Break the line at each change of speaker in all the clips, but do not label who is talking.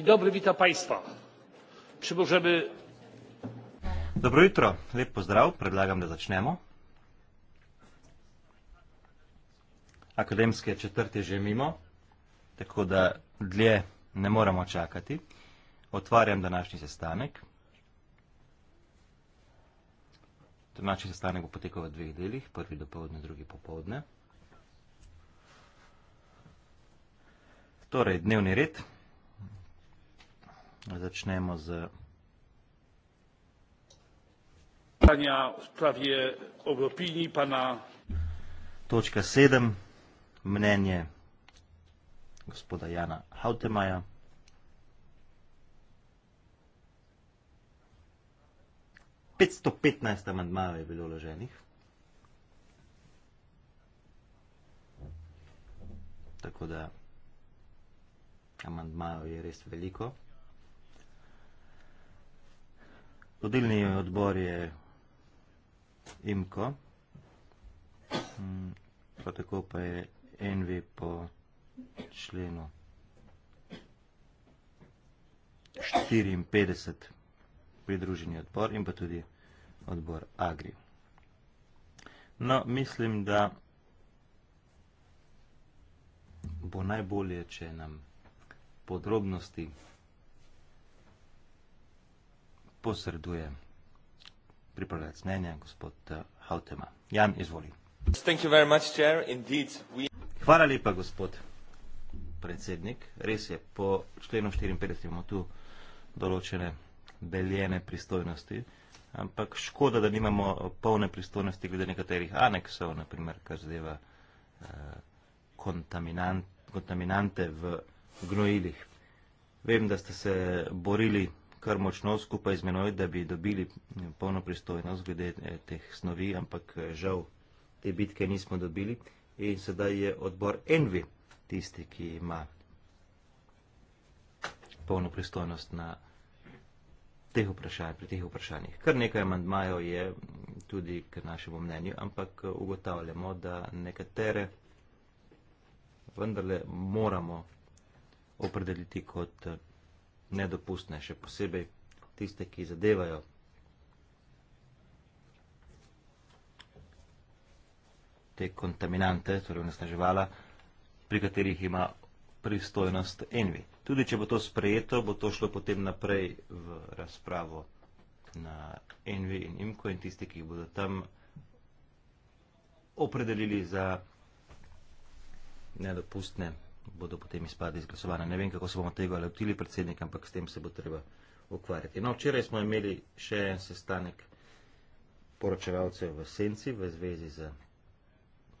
Dobro
jutro, lep pozdrav, predlagam, da začnemo. Akademske četrte že mimo, tako da dlje ne moramo čakati. Otvarjam današnji sestanek. Današnji sestanek bo potekal v dveh delih, prvi dopoledne, drugi popoledne. Torej, dnevni red. Začnemo z
vprašanja v sprave Evropini pa na
točka sedem mnenje gospoda Jana Hautemaja. petsto petnajst amandmajev je bilo vloženih tako da amandmajev je res veliko Vodilni odbor je IMKO, mm, prav tako pa je NV po členu 54 pridruženi odbor in pa tudi odbor AGRI. No, mislim, da bo najbolje, če nam podrobnosti vsega, posreduje pripravljac mnenja, gospod eh, Hautema. Jan, izvoli. Hvala lepa, gospod predsednik. Res je, po členu 54 imamo tu določene deljene pristojnosti, ampak škoda, da nimamo polne pristojnosti glede nekaterih aneksov, naprimer, kar zadeva eh, kontaminante v gnojilih. Vem, da ste se borili kar močno skupaj z menoj, da bi dobili eh, polno pristojnost glede eh, teh snovi, ampak eh, žal te bitke nismo dobili. In sedaj je odbor Envi tisti, ki ima polno pristojnost na teh vprašanj, pri teh vprašanjih. Kar nekaj amandmajev je mm, tudi k našemu mnenju, ampak ugotavljamo, da nekatere vendarle moramo opredeliti kot nedopustne, še posebej tiste, ki zadevajo te kontaminante, torej onesnaževala, pri katerih ima pristojnost envi. Tudi, če bo to sprejeto, bo to šlo potem naprej v razpravo na envi in imko in tiste, ki jih bodo tam opredelili za nedopustne vsega bodo potem izpadi izglasovane. Ne vem, kako se bomo tega lotili predsednik, ampak s tem se bo treba ukvarjati. No, včeraj smo imeli še en sestanek poročevalcev v Senci v zvezi z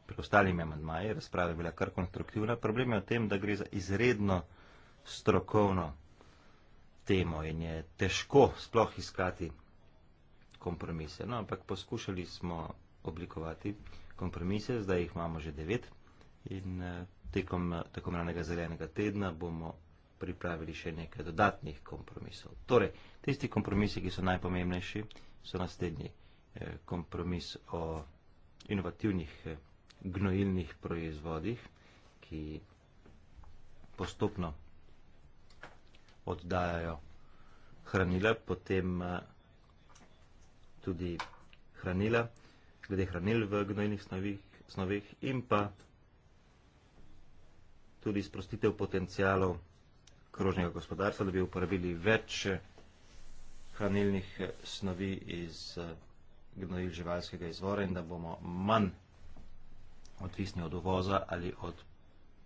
preostalimi amadmaji. Razprava je bila kar konstruktivna. Problem je v tem, da gre za izredno strokovno temo in je težko sploh iskati kompromise. No, ampak poskušali smo oblikovati kompromise, zdaj jih imamo že devet in eh, tekom tako imenovanega zelenega tedna bomo pripravili še nekaj dodatnih kompromisov. Torej, tisti kompromisi, ki so najpomembnejši, so naslednji eh, kompromis o inovativnih eh, gnojilnih proizvodih, ki postopno oddajajo hranila, potem eh, tudi hranila, glede hranil v gnojilnih snovih, snovih in pa tudi sprostitev potencijalov krožnega gospodarstva, da bi uporabili več eh, hranilnih eh, snovi iz eh, gnojil živalskega izvora in da bomo manj odvisni od uvoza ali od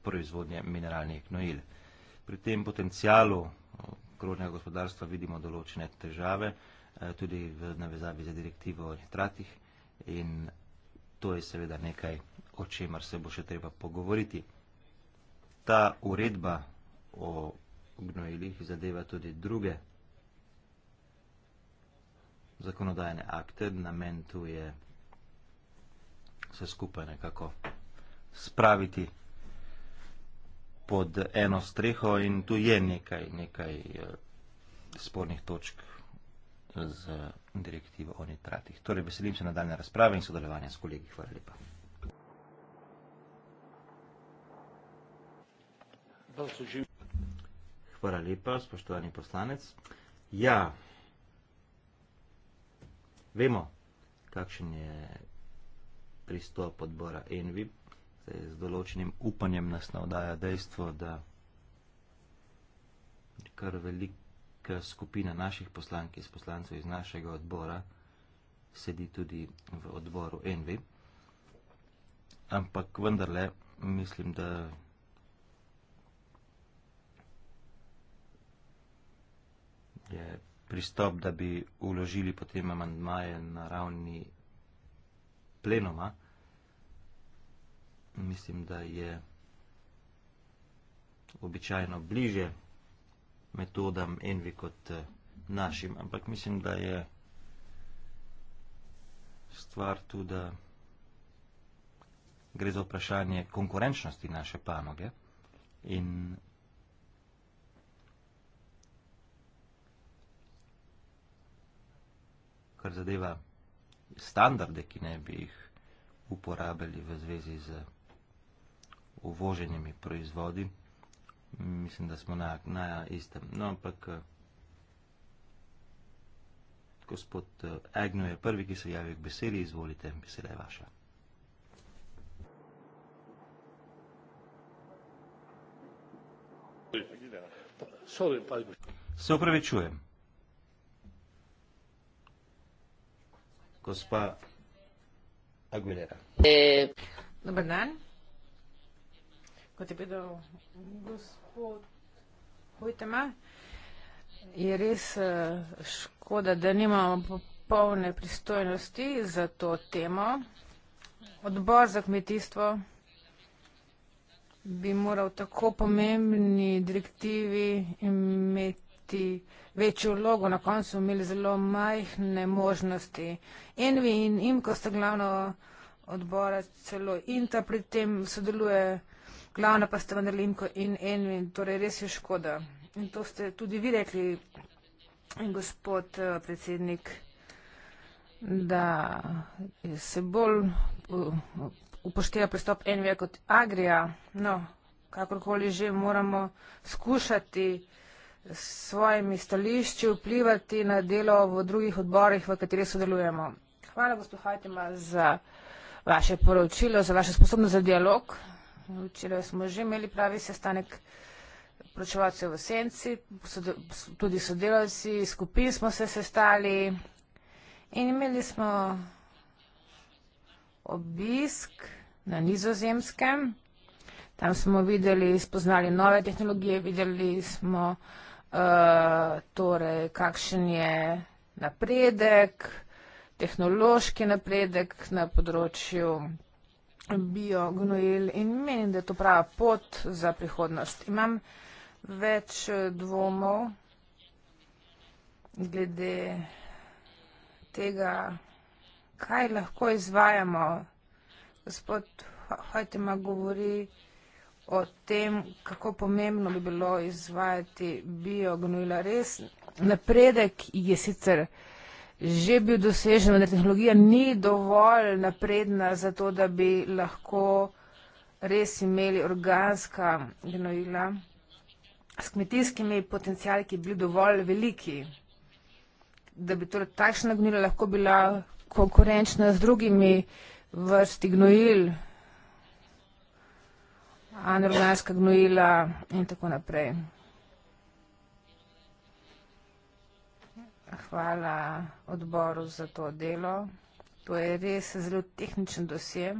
proizvodnje mineralnih gnojil. Pri tem potencijalu krožnega gospodarstva vidimo določene težave, tudi v navezavi za direktivo o nitratih in to je seveda nekaj, o čemer se bo še treba pogovoriti ta uredba o gnojilih zadeva tudi druge zakonodajne akte. Namen tu je se skupaj nekako spraviti pod eno streho in tu je nekaj, nekaj eh, spornih točk z direktivo o nitratih. Torej, veselim se nadaljne razprave in sodelovanja s kolegi. Hvala lepa. Hvala lepa, spoštovani poslanec. Ja, vemo, kakšen je pristop odbora Envi. Zdaj, z določenim upanjem nas navdaja dejstvo, da je kar velika skupina naših poslank iz poslancev iz našega odbora sedi tudi v odboru Envi. Ampak vendarle, mislim, da je pristop, da bi uložili potem amandmaje na ravni plenoma, mislim, da je običajno bliže metodam envi kot eh, našim, ampak mislim, da je stvar tudi, da gre za vprašanje konkurenčnosti naše panoge in kar zadeva standarde, ki ne bi jih uporabili v zvezi z uvoženimi proizvodi. Mislim, da smo na, na istem. No, ampak eh, gospod eh, Agnew je prvi, ki se javi k besedi, izvolite, beseda je vaša. Se opravičujem. gospa Aguilera.
E... Dobar dan. Kot je povedal gospod Hojtema, je res e, škoda, da nimamo popolne pristojnosti za to temo. Odbor za kmetijstvo bi moral tako pomembni direktivi imeti igrati večjo vlogo, na koncu imeli zelo majhne možnosti. Envi in Imko sta glavno odbora celo Inta pri tem sodeluje, glavna pa sta vendar Imko in Envi, torej res je škoda. In to ste tudi vi rekli, gospod eh, predsednik, da se bolj eh, upošteva pristop Envi kot Agrija. No, kakorkoli že moramo skušati s svojimi stališči vplivati na delo v drugih odborih, v katerih sodelujemo. Hvala, gospod Hajtima, za vaše poročilo, za vaše sposobnost za dialog. Včeraj smo že imeli pravi sestanek pročevalcev v Senci, tudi sodelavci, skupin smo se sestali in imeli smo obisk na nizozemskem. Tam smo videli, spoznali nove tehnologije, videli smo uh, Eh, torej kakšen je napredek, tehnološki napredek na področju biognojil in menim, da je to prava pot za prihodnost. Imam več eh, dvomov glede tega, kaj lahko izvajamo. Gospod Hojtema govori, o tem, kako pomembno bi bilo izvajati biognojila. Res napredek je sicer že bil dosežen, da tehnologija ni dovolj napredna za to, da bi lahko res imeli organska gnojila s kmetijskimi potencijali, ki bi bili dovolj veliki, da bi torej takšna gnojila lahko bila konkurenčna z drugimi vrsti gnojil anorganska gnojila in tako naprej. Hvala odboru za to delo. To je res zelo tehničen dosje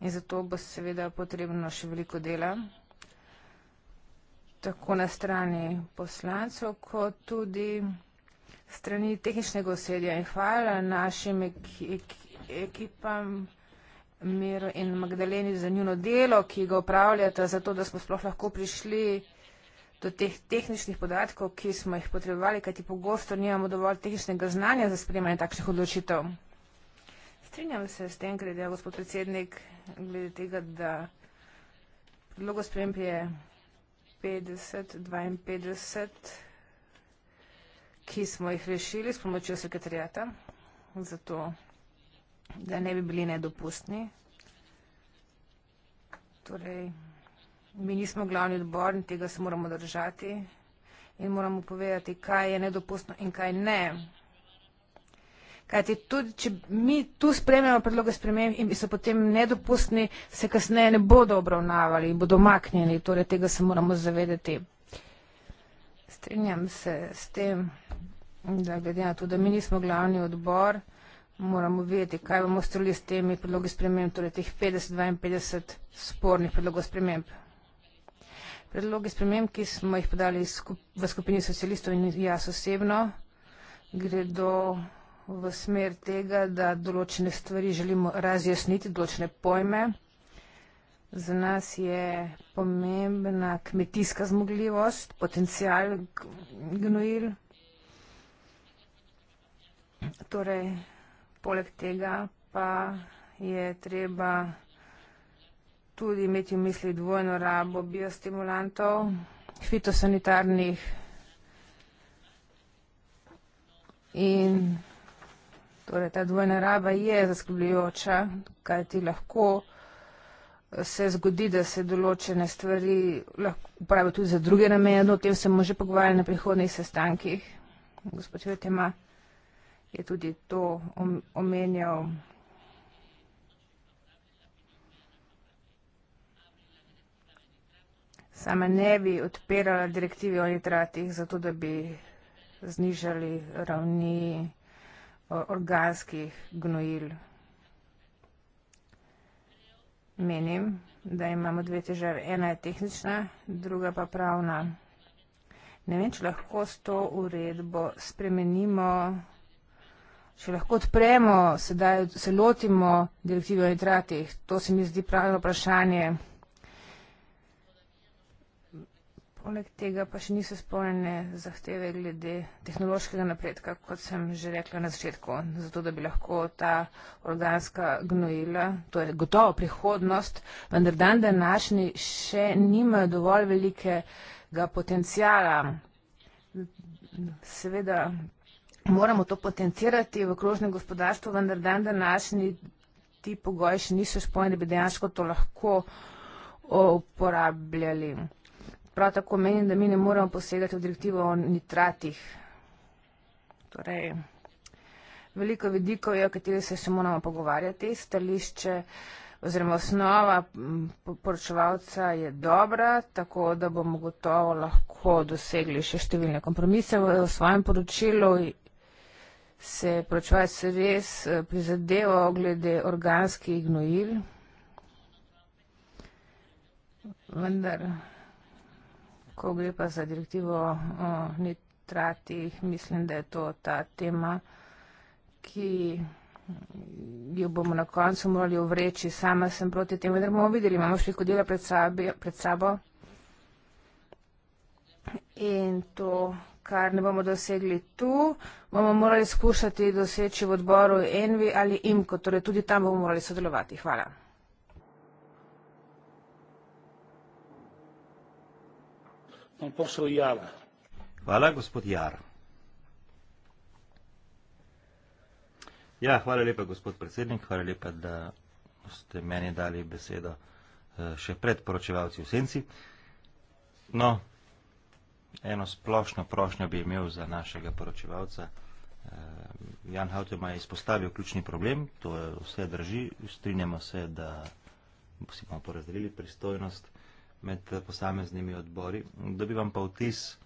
in zato bo seveda potrebno še veliko dela tako na strani poslancev, kot tudi strani tehničnega osedja. In hvala našim ekipam. Ek ek ek ek ek ek ek ek ek Mir in Magdaleni za njuno delo, ki ga upravljate, zato da smo sploh lahko prišli do teh tehničnih podatkov, ki smo jih potrebovali, kajti pogosto nimamo dovolj tehničnega znanja za sprejemanje takšnih odločitev. Strinjam se s tem, kar je dejal gospod predsednik, glede tega, da predlogo sprejem je 50-52, ki smo jih rešili s pomočjo sekretarjata. Zato da ne bi bili nedopustni. Torej, mi nismo glavni odbor in tega se moramo držati in moramo povedati, kaj je nedopustno in kaj ne. Kajti tudi, če mi tu spremljamo predloge sprememb in so potem nedopustni, se kasneje ne bodo obravnavali in bodo maknjeni. Torej, tega se moramo zavedati. Strinjam se s tem, da glede na to, da mi nismo glavni odbor, moramo vedeti, kaj bomo storili s temi predlogi sprememb, torej teh 50-52 spornih predlogov sprememb. Predlogi sprememb, ki smo jih podali v skupini socialistov in jaz osebno, gredo v smer tega, da določene stvari želimo razjasniti, določene pojme. Za nas je pomembna kmetijska zmogljivost, potencijal gnojil. Torej, poleg tega pa je treba tudi imeti v misli dvojno rabo biostimulantov, fitosanitarnih in torej ta dvojna raba je zaskrbljujoča, kaj ti lahko se zgodi, da se določene stvari lahko uporabijo tudi za druge namene, no, o tem se bomo že pogovarjali na prihodnih sestankih. Gospod Vetema je tudi to omenjal. Sama ne bi odpirala direktive o nitratih, zato da bi znižali ravni organskih gnojil. Menim, da imamo dve težave. Ena je tehnična, druga pa pravna. Ne vem, če lahko s to uredbo spremenimo če lahko odpremo, sedaj se lotimo direktive o nitratih, to se mi zdi pravno vprašanje. Poleg tega pa še niso spomnjene zahteve glede tehnološkega napredka, kot sem že rekla na začetku, zato da bi lahko ta organska gnojila, to je gotovo prihodnost, vendar dan današnji še nima dovolj velikega potencijala. Seveda moramo to potencirati v krožnem gospodarstvu, vendar dan današnji ti pogoji še niso spojeni, da bi dejansko to lahko uporabljali. Prav tako menim, da mi ne moramo posegati v direktivo o nitratih. Torej, veliko vidikov je, o katerih se še moramo pogovarjati. Stališče oziroma osnova poročevalca je dobra, tako da bomo gotovo lahko dosegli še številne kompromise v svojem poročilu se je pročvajs res eh, prizadeval glede organskih gnojil, vendar, ko gre pa za direktivo o nitratih, mislim, da je to ta tema, ki jo bomo na koncu morali uvreči. Sama sem proti tem, vendar bomo videli, imamo še kodila pred, pred sabo. In to, kar ne bomo dosegli tu, bomo morali skušati doseči v odboru Envi ali Imko, torej tudi tam bomo morali sodelovati. Hvala.
Hvala, gospod Jar. Ja, hvala lepa, gospod predsednik, hvala lepa, da ste meni dali besedo eh, še pred poročevalci v Senci. No, eno splošno prošnjo bi imel za našega poročevalca. Eh, Jan Hautema je izpostavil ključni problem, to je vse drži, strinjamo se, da si bomo porazdelili pristojnost med posameznimi odbori. Dobivam pa vtis,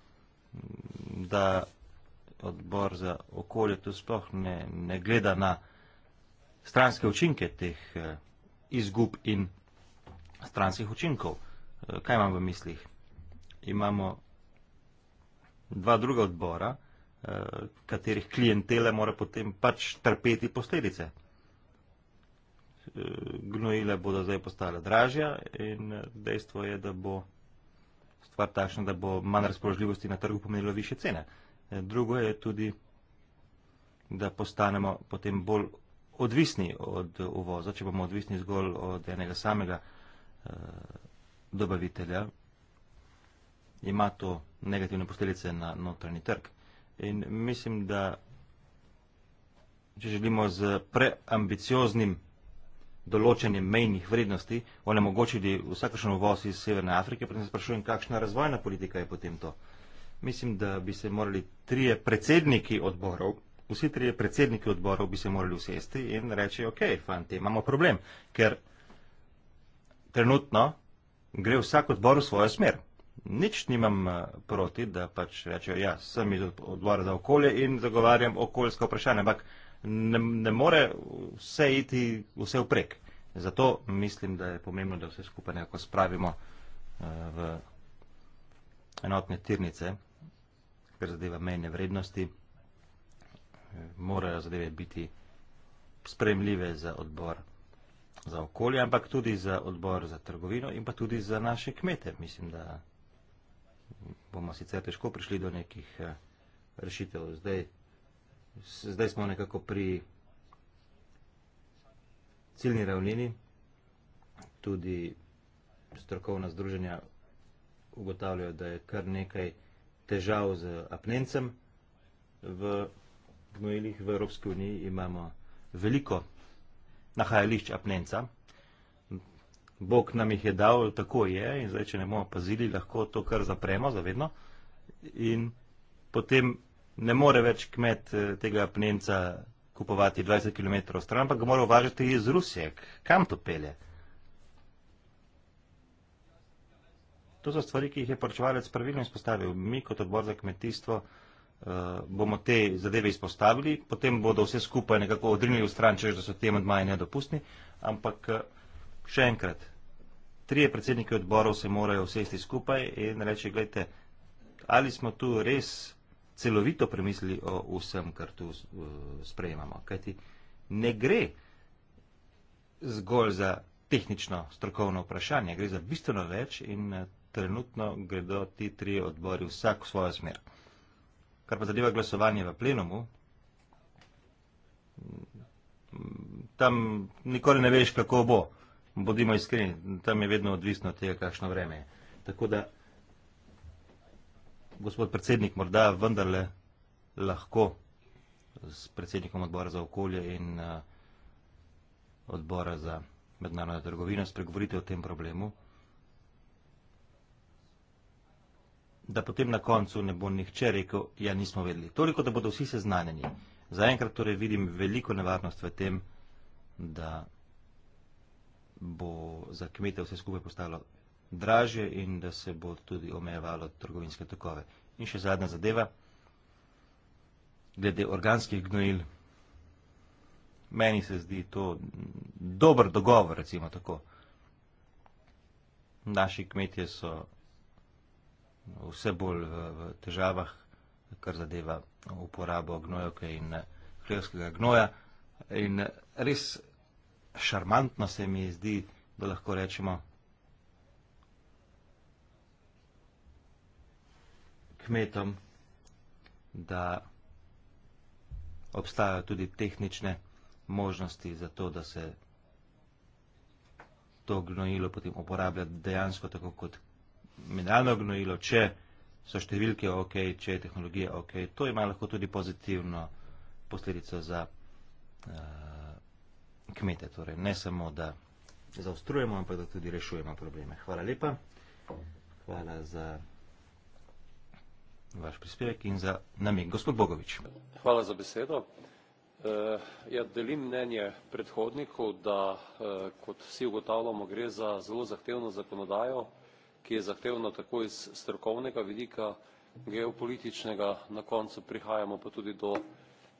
da odbor za okolje tu sploh ne, ne gleda na stranske učinke teh eh, izgub in stranskih učinkov. Eh, kaj imam v mislih? Imamo dva druga odbora, eh, katerih klientele mora potem pač trpeti posledice. Eh, Gnojile bodo zdaj postale dražja in eh, dejstvo je, da bo stvar takšna, da bo manj razpoložljivosti na trgu pomenilo više cene. Drugo je tudi, da postanemo potem bolj odvisni od uvoza, če bomo odvisni zgolj od enega samega dobavitelja, ima to negativne posledice na notranji trg. In mislim, da če želimo z preambicioznim določenjem mejnih vrednosti onemogočiti vsakršen uvoz iz Severne Afrike, potem se sprašujem, kakšna razvojna politika je potem to. Mislim, da bi se morali trije predsedniki odborov, vsi trije predsedniki odborov bi se morali usesti in reči, ok, fanti, imamo problem, ker trenutno gre vsak odbor v svojo smer nič nimam eh, proti, da pač rečejo, ja, sem iz odbora za okolje in zagovarjam okoljsko vprašanje, ampak ne, ne more vse iti vse vprek. Zato mislim, da je pomembno, da vse skupaj nekako spravimo eh, v enotne tirnice, ker zadeva mejne vrednosti, morajo zadeve biti spremljive za odbor za okolje, ampak tudi za odbor za trgovino in pa tudi za naše kmete. Mislim, da bomo sicer težko prišli do nekih eh, rešitev. Zdaj, zdaj smo nekako pri ciljni ravnini, tudi strokovna združenja ugotavljajo, da je kar nekaj težav z apnencem v gnojilih v Evropski uniji. Imamo veliko nahajališč apnenca. Bog nam jih je dal, tako je, in zdaj, če ne bomo pazili, lahko to kar zapremo zavedno. In potem ne more več kmet eh, tega apnenca kupovati 20 km stran, ampak ga mora uvažati iz Rusije. Kam to pele? To so stvari, ki jih je poročevalec pravilno izpostavil. Mi kot odbor za kmetijstvo uh, bomo te zadeve izpostavili, potem bodo vse skupaj nekako odrinili v stran, če že so te med maje nedopustni, ampak uh, še enkrat, trije predsedniki odborov se morajo sesti skupaj in reči, gledajte, ali smo tu res celovito premislili o vsem, kar tu eh, sprejemamo. Kajti ne gre zgolj za tehnično strokovno vprašanje, gre za bistveno več in eh, trenutno gredo ti tri odbori vsak v svojo smer. Kar pa zadeva glasovanje v plenumu, mm, tam nikoli ne veš, kako bo bodimo iskreni, tam je vedno odvisno od tega, kakšno vreme je. Tako da, gospod predsednik, morda vendarle lahko s predsednikom odbora za okolje in uh, odbora za mednarodno trgovino spregovorite o tem problemu, da potem na koncu ne bo nihče rekel, ja, nismo vedeli. Toliko, da bodo vsi seznanjeni. Zaenkrat torej vidim veliko nevarnost v tem, da bo za kmete vse skupaj postalo dražje in da se bo tudi omejevalo trgovinske tokove. In še zadnja zadeva, glede organskih gnojil. Meni se zdi to dober dogovor, recimo tako. Naši kmetje so vse bolj v, v težavah, kar zadeva uporabo gnojoke in hlevskega gnoja. In res šarmantno se mi zdi, da lahko rečemo. Kmetom, da obstajajo tudi tehnične možnosti za to, da se to gnojilo potem uporablja dejansko tako kot mineralno gnojilo, če so številke ok, če je tehnologija ok. To ima lahko tudi pozitivno posledico za uh, kmete. Torej, ne samo, da zaostrujemo, ampak da tudi rešujemo probleme. Hvala lepa. Hvala za vaš prispevek in za namen. Gospod Bogovič.
Hvala za besedo. Eh, ja, delim mnenje predhodnikov, da eh, kot vsi ugotavljamo, gre za zelo zahtevno zakonodajo, ki je zahtevna tako iz strokovnega vidika, geopolitičnega, na koncu prihajamo pa tudi do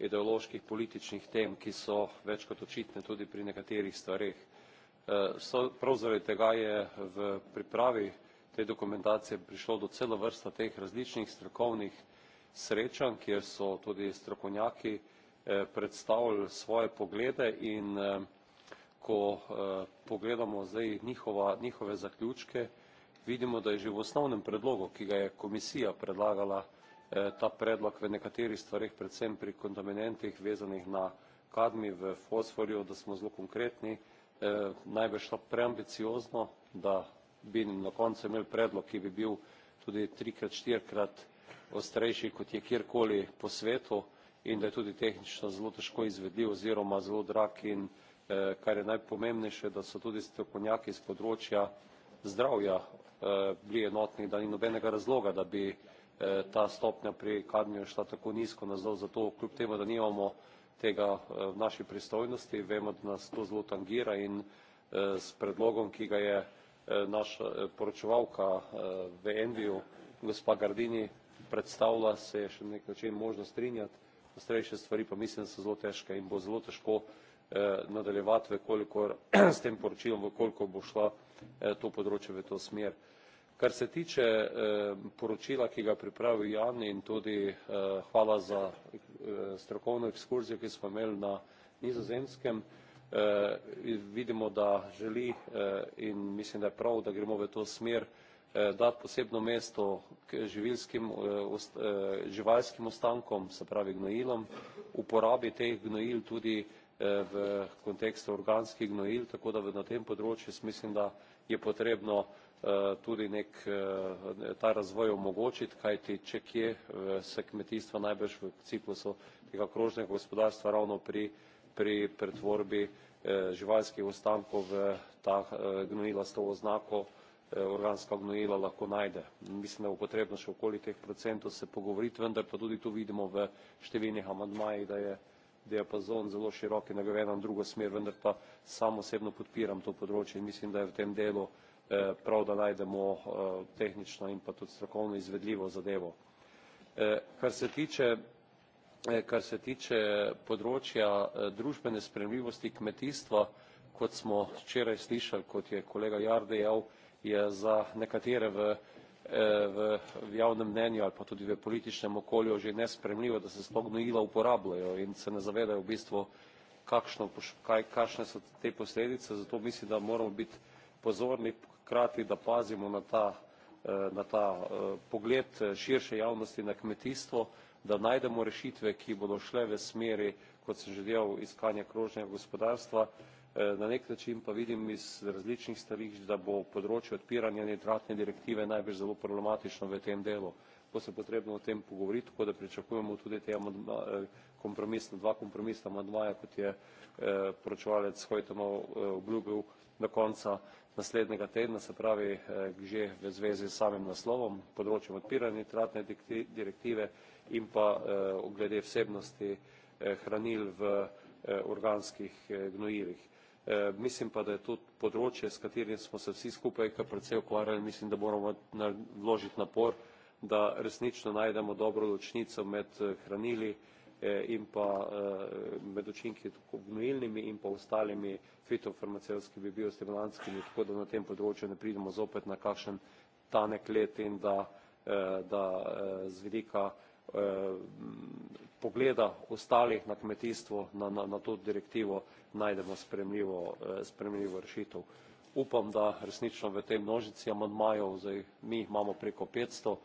ideoloških političnih tem ki so več kot očitne tudi pri nekaterih stvareh. Eh, prav zaradi tega je v pripravi te dokumentacije prišlo do cele vrste teh različnih strokovnih srečanj kjer so tudi strokovnjaki eh, predstavili svoje poglede in eh, ko pogledamo zdaj njihova, njihove zaključke vidimo da je že v osnovnem predlogu ki ga je komisija predlagala Eh, ta predlog v nekaterih stvarih, predvsem pri kontaminentih vezanih na kadmi v fosforju, da smo zelo konkretni, naj bi šlo preambiciozno, da bi na koncu imeli predlog, ki bi bil tudi trikrat, štirikrat ostrejši, kot je kjerkoli po svetu in da je tudi tehnično zelo težko izvedljiv oziroma zelo drag in eh, kar je najpomembnejše, da so tudi strokovnjaki iz področja zdravja eh, bili enotni, da ni nobenega razloga, da bi Eh, ta stopnja pri kadmiju šla tako nizko nazdol, zato kljub temu, da nimamo tega eh, v naši pristojnosti, vemo, da nas to zelo tangira in eh, s predlogom, ki ga je naša poročevalka v Enviju, gospa Gardini, predstavila, se je še na nek način možno strinjati, ostrejše stvari pa mislim, da so zelo težke in bo zelo težko nadaljevati, vekolikor s tem poročilom, vekolikor bo šla to področje v to smer. Kar se tiče eh, poročila, ki ga pripravil Jan in tudi eh, hvala za eh, strokovno ekskurzijo, ki smo imeli na nizozemskem, vidimo, da želi in mislim, da je prav, da gremo v to smer dati posebno mesto živilskim, živalskim ostankom, se pravi gnojilom, uporabi teh gnojil tudi v kontekstu organskih gnojil, tako da na tem področju mislim, da je potrebno Eh, tudi nek, eh, ta razvoj omogočiti, kajti če kje eh, se kmetijstvo najbrž v ciklusu tega krožnega gospodarstva ravno pri, pri pretvorbi živalskih ostankov v ta gnojila s to oznako organska gnojila lahko najde. Mislim, da bo potrebno še okoli teh procentov se pogovoriti, vendar pa tudi tu vidimo v številnih amandmajih, da je diapazon zelo širok in da gre v eno drugo smer, vendar pa sam osebno podpiram to področje in mislim, da je v tem delu Eh, prav, da najdemo eh, tehnično in pa tudi strokovno izvedljivo zadevo. Eh, kar se tiče, kar se tiče področja družbene spremljivosti kmetijstva, kot smo včeraj slišali, kot je kolega Jar dejal, je za nekatere v v javnem mnenju ali pa tudi v političnem okolju že nespremljivo, da se sploh gnojila uporabljajo in se ne zavedajo v bistvu, kakšno, kaj, kakšne so te posledice. Zato mislim, da moramo biti pozorni, hkrati, da pazimo na ta, eh, na ta eh, pogled eh, širše javnosti na kmetijstvo, da najdemo rešitve, ki bodo šle v smeri, kot sem že delal, iskanja krožnega gospodarstva. Na nek način pa vidim iz različnih stališč, da bo področje odpiranja nitratne direktive najbolj zelo problematično v tem delu. To se potrebno o tem pogovoriti, tako da pričakujemo tudi te kompromisne, dva kompromisna amandmaja, kot je eh, poročevalec Hojtomo eh, obljubil do konca naslednjega tedna, se pravi eh, že v zvezi s samim naslovom, področjem odpiranja nitratne direktive in pa eh, glede vsebnosti eh, hranil v organskih gnojivih. Mislim pa, da je to področje, s katerim smo se vsi skupaj kar precej ukvarjali, mislim, da moramo vložiti napor, da resnično najdemo dobro ločnico med hranili, Eh, in pa eh, med učinki gnojilnimi in pa ostalimi fitofarmacevskimi biostimulantskimi, tako da na tem področju ne pridemo zopet na kakšen tanek let in da, eh, da z vidika pogleda ostalih na kmetijstvo, na, na, na to direktivo najdemo spremljivo, spremljivo rešitev. Upam, da resnično v tej množici amandmajev, zdaj mi jih imamo preko 500,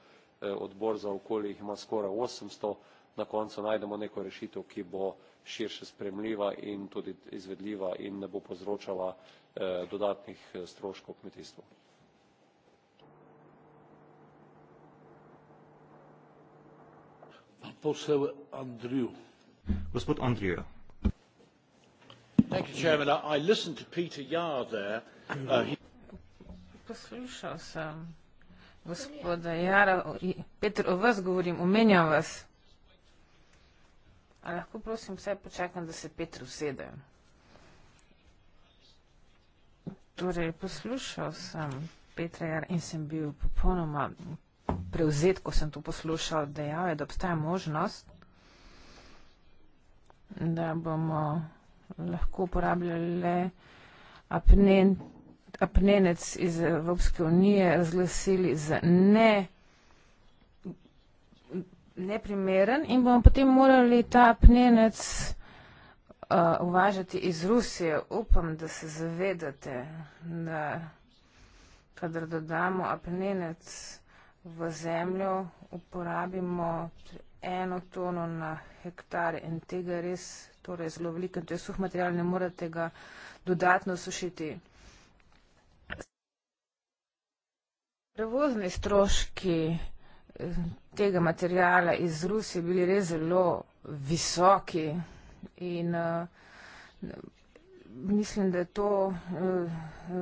odbor za okolje jih ima skoraj 800, na koncu najdemo neko rešitev, ki bo širše spremljiva in tudi izvedljiva in ne bo povzročala eh, dodatnih eh, stroškov kmetijstvu. Posel Andriju.
Gospod Andriju.
Uh, Poslušal sem gospoda Jara, Petro, o vas govorim, omenjam vas. A lahko prosim vse počakam, da se Petr usede? Torej, poslušal sem Petra Jar in sem bil popolnoma prevzet, ko sem to poslušal, dejal je, da obstaja možnost, da bomo lahko uporabljali le apnen, apnenec iz Evropske unije, razglasili za ne neprimeren in bomo potem morali ta pnenec uh, uvažati iz Rusije. Upam, da se zavedate, da kadar dodamo apnenec v zemljo, uporabimo eno tono na hektar in tega res, torej zelo veliko, to je suh material, ne morate ga dodatno sušiti. Prevozni stroški tega materijala iz Rusije bili res zelo visoki in eh, mislim, da je to eh,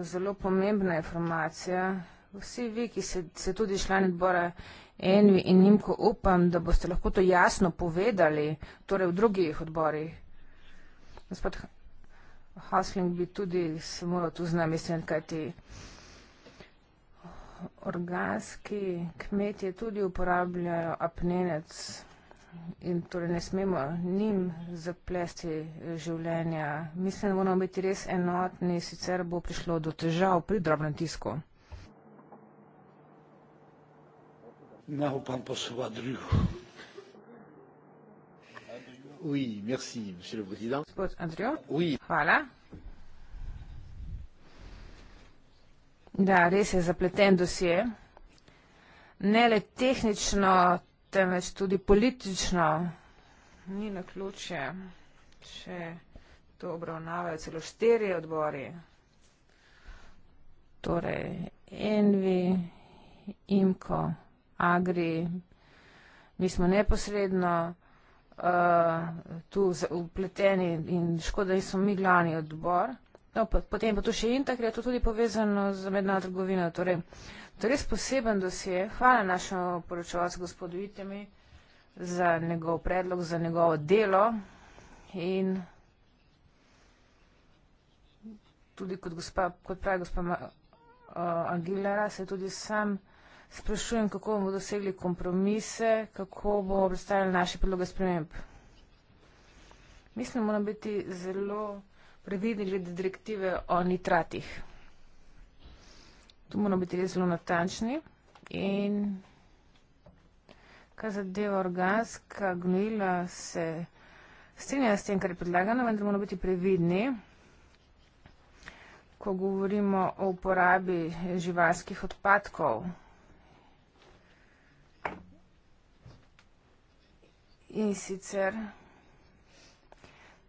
zelo pomembna informacija. Vsi vi, ki ste se tudi člani odbora Envi in Nimko, upam, da boste lahko to jasno povedali, torej v drugih odborih. Gospod Hasling bi tudi se moral tu z nami strengati organski kmetje tudi uporabljajo apnenec in torej ne smemo njim zaplesti življenja. Mislim, da moramo biti res enotni, sicer bo prišlo do težav pri drobnem tisku. Ne upam posovati drugo. Oui, merci, monsieur le président. Oui. Voilà. Da, res je zapleten dosje. Ne le tehnično, temveč tudi politično. Ni na ključe, če to obravnavajo celo štiri odbori. Torej, Envi, Imko, Agri, mi smo neposredno uh, tu upleteni in škoda, da smo mi glavni odbor. No, pa, potem pa to še in takrat tudi povezano z mednarodno trgovino. Torej, to je res poseben dosje. Hvala našemu poročevalcu gospodu Itemi za njegov predlog, za njegovo delo in tudi kot, gospa, kot pravi gospa uh, Angilera, se tudi sam sprašujem, kako bomo dosegli kompromise, kako bomo predstavili naše predloge sprememb. Mislim, moramo biti zelo predvidni glede direktive o nitratih. Tu moramo biti res zelo natančni in kar zadeva organska gnojila se strinja s tem, kar je predlagano, vendar moramo biti previdni, ko govorimo o uporabi živalskih odpadkov. In sicer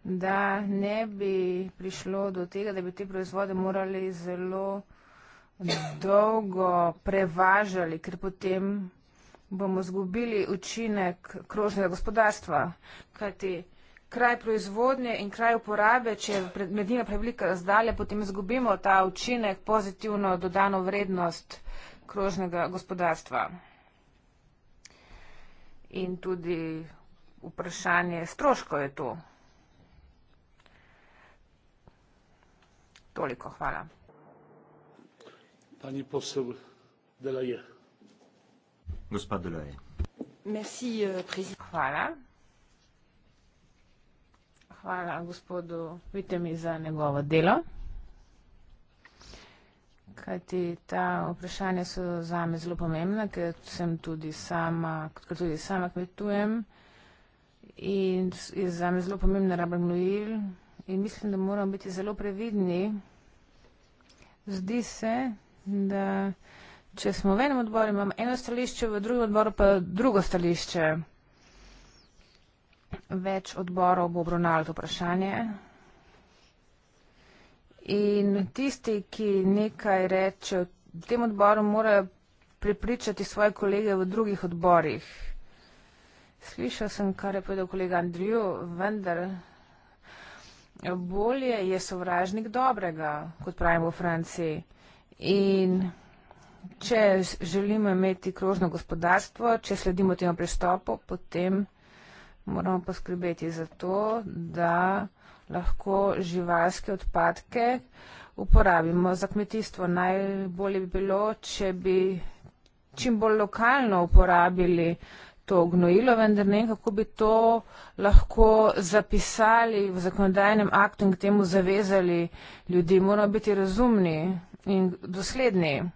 da ne bi prišlo do tega, da bi te proizvode morali zelo dolgo prevažali, ker potem bomo zgubili učinek krožnega gospodarstva. Kajti kraj proizvodnje in kraj uporabe, če je med njima prevelika razdalja, potem izgubimo ta učinek pozitivno dodano vrednost krožnega gospodarstva. In tudi vprašanje stroškov je to. toliko hvala. Euh, hvala. Hvala gospodu Vitemi za njegovo delo. Kajti ta vprašanja so za me zelo pomembna, ker sem tudi sama, ker tudi sama kmetujem in je za me zelo pomembna raba gnojil in mislim, da moramo biti zelo previdni. Zdi se, da če smo v enem odboru, imam eno stališče, v drugem odboru pa drugo stališče. Več odborov bo obronalo to vprašanje. In tisti, ki nekaj reče v tem odboru, mora pripričati svoje kolege v drugih odborih. Slišal sem, kar je povedal kolega Andriju, vendar bolje je sovražnik dobrega, kot pravimo v Franciji. In če želimo imeti krožno gospodarstvo, če sledimo temu pristopu, potem moramo poskrbeti za to, da lahko živalske odpadke uporabimo za kmetijstvo. Najbolje bi bilo, če bi čim bolj lokalno uporabili to gnojilo, vendar ne vem, kako bi to lahko zapisali v zakonodajnem aktu in k temu zavezali ljudi. Moramo biti razumni in dosledni.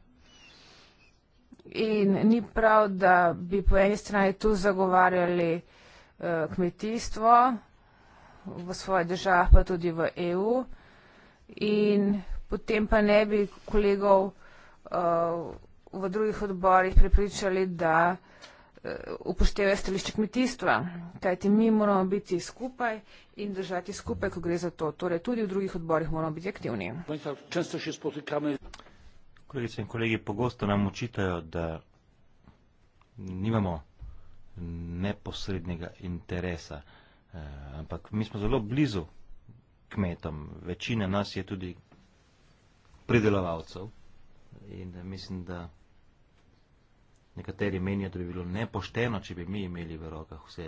In ni prav, da bi po eni strani tu zagovarjali eh, kmetijstvo v svojih državah, pa tudi v EU, in potem pa ne bi kolegov eh, v drugih odborih pripričali, da eh, upoštevajo stališče kmetijstva, kajti mi moramo biti skupaj in držati skupaj, ko gre za to. Torej tudi v drugih odborih moramo biti aktivni.
Kolegice in kolegi, pogosto nam očitajo, da nimamo neposrednega interesa, eh, ampak mi smo zelo blizu kmetom. Večina nas je tudi pridelovalcev in mislim, da... Nekateri menijo, da bi bilo nepošteno, če bi mi imeli v rokah vse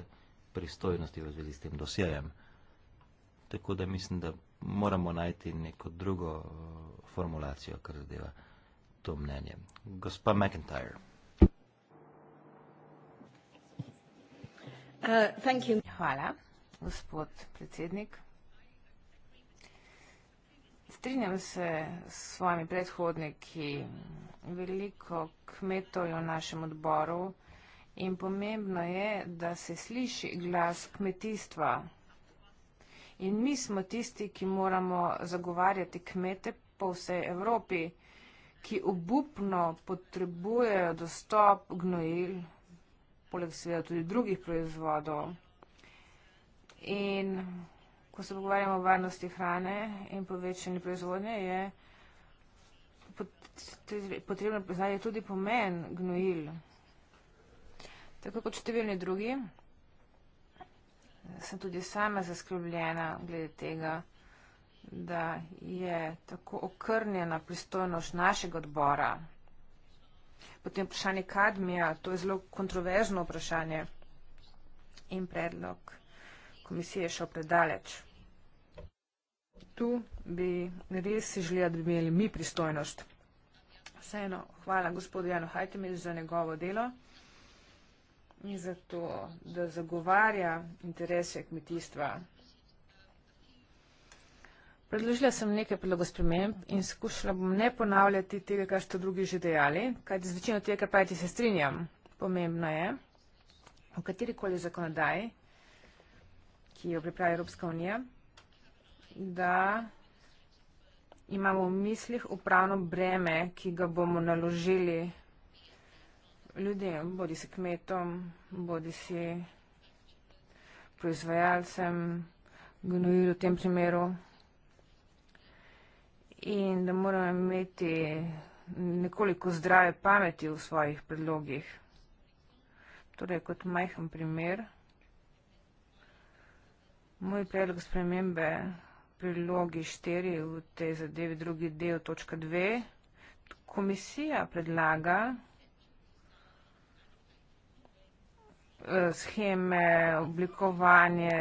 pristojnosti v zvezi s tem dosjejem. Tako da mislim, da moramo najti neko drugo uh, formulacijo, kar zadeva to mnenje. Gospa McIntyre.
Uh, Hvala, gospod predsednik. Strinjam se s svojimi predhodniki. Veliko kmetov je v našem odboru in pomembno je, da se sliši glas kmetijstva. In mi smo tisti, ki moramo zagovarjati kmete po vsej Evropi, ki obupno potrebujejo dostop gnojil, poleg seveda tudi drugih proizvodov. In ko se pogovarjamo o varnosti hrane in povečanju proizvodnje, je potrebno poznati tudi pomen gnojil. Tako kot številni drugi, sem tudi sama zaskrbljena glede tega, da je tako okrnjena pristojnost našega odbora. Potem vprašanje kadmija, to je zelo kontroverzno vprašanje in predlog komisije šel predaleč. Tu bi res si želela, da bi imeli mi pristojnost. Vseeno, hvala gospodu Janu Hajtemelju za njegovo delo in za to, da zagovarja interese kmetijstva. Predložila sem nekaj predlogov sprememb in skušala bom ne ponavljati tega, kar ste drugi že dejali, kajti z večino tega, kar pravite, se strinjam. Pomembno je, v kateri koli zakonodaji ki jo pripravi Evropska unija, da imamo v mislih upravno breme, ki ga bomo naložili ljudem, bodi si kmetom, bodi si proizvajalcem, gnojil v tem primeru. In da moramo imeti nekoliko zdrave pameti v svojih predlogih. Torej, kot majhen primer. Moj predlog spremembe prilogi 4 v tej zadevi drugi del točka 2. Komisija predlaga eh, scheme, oblikovanje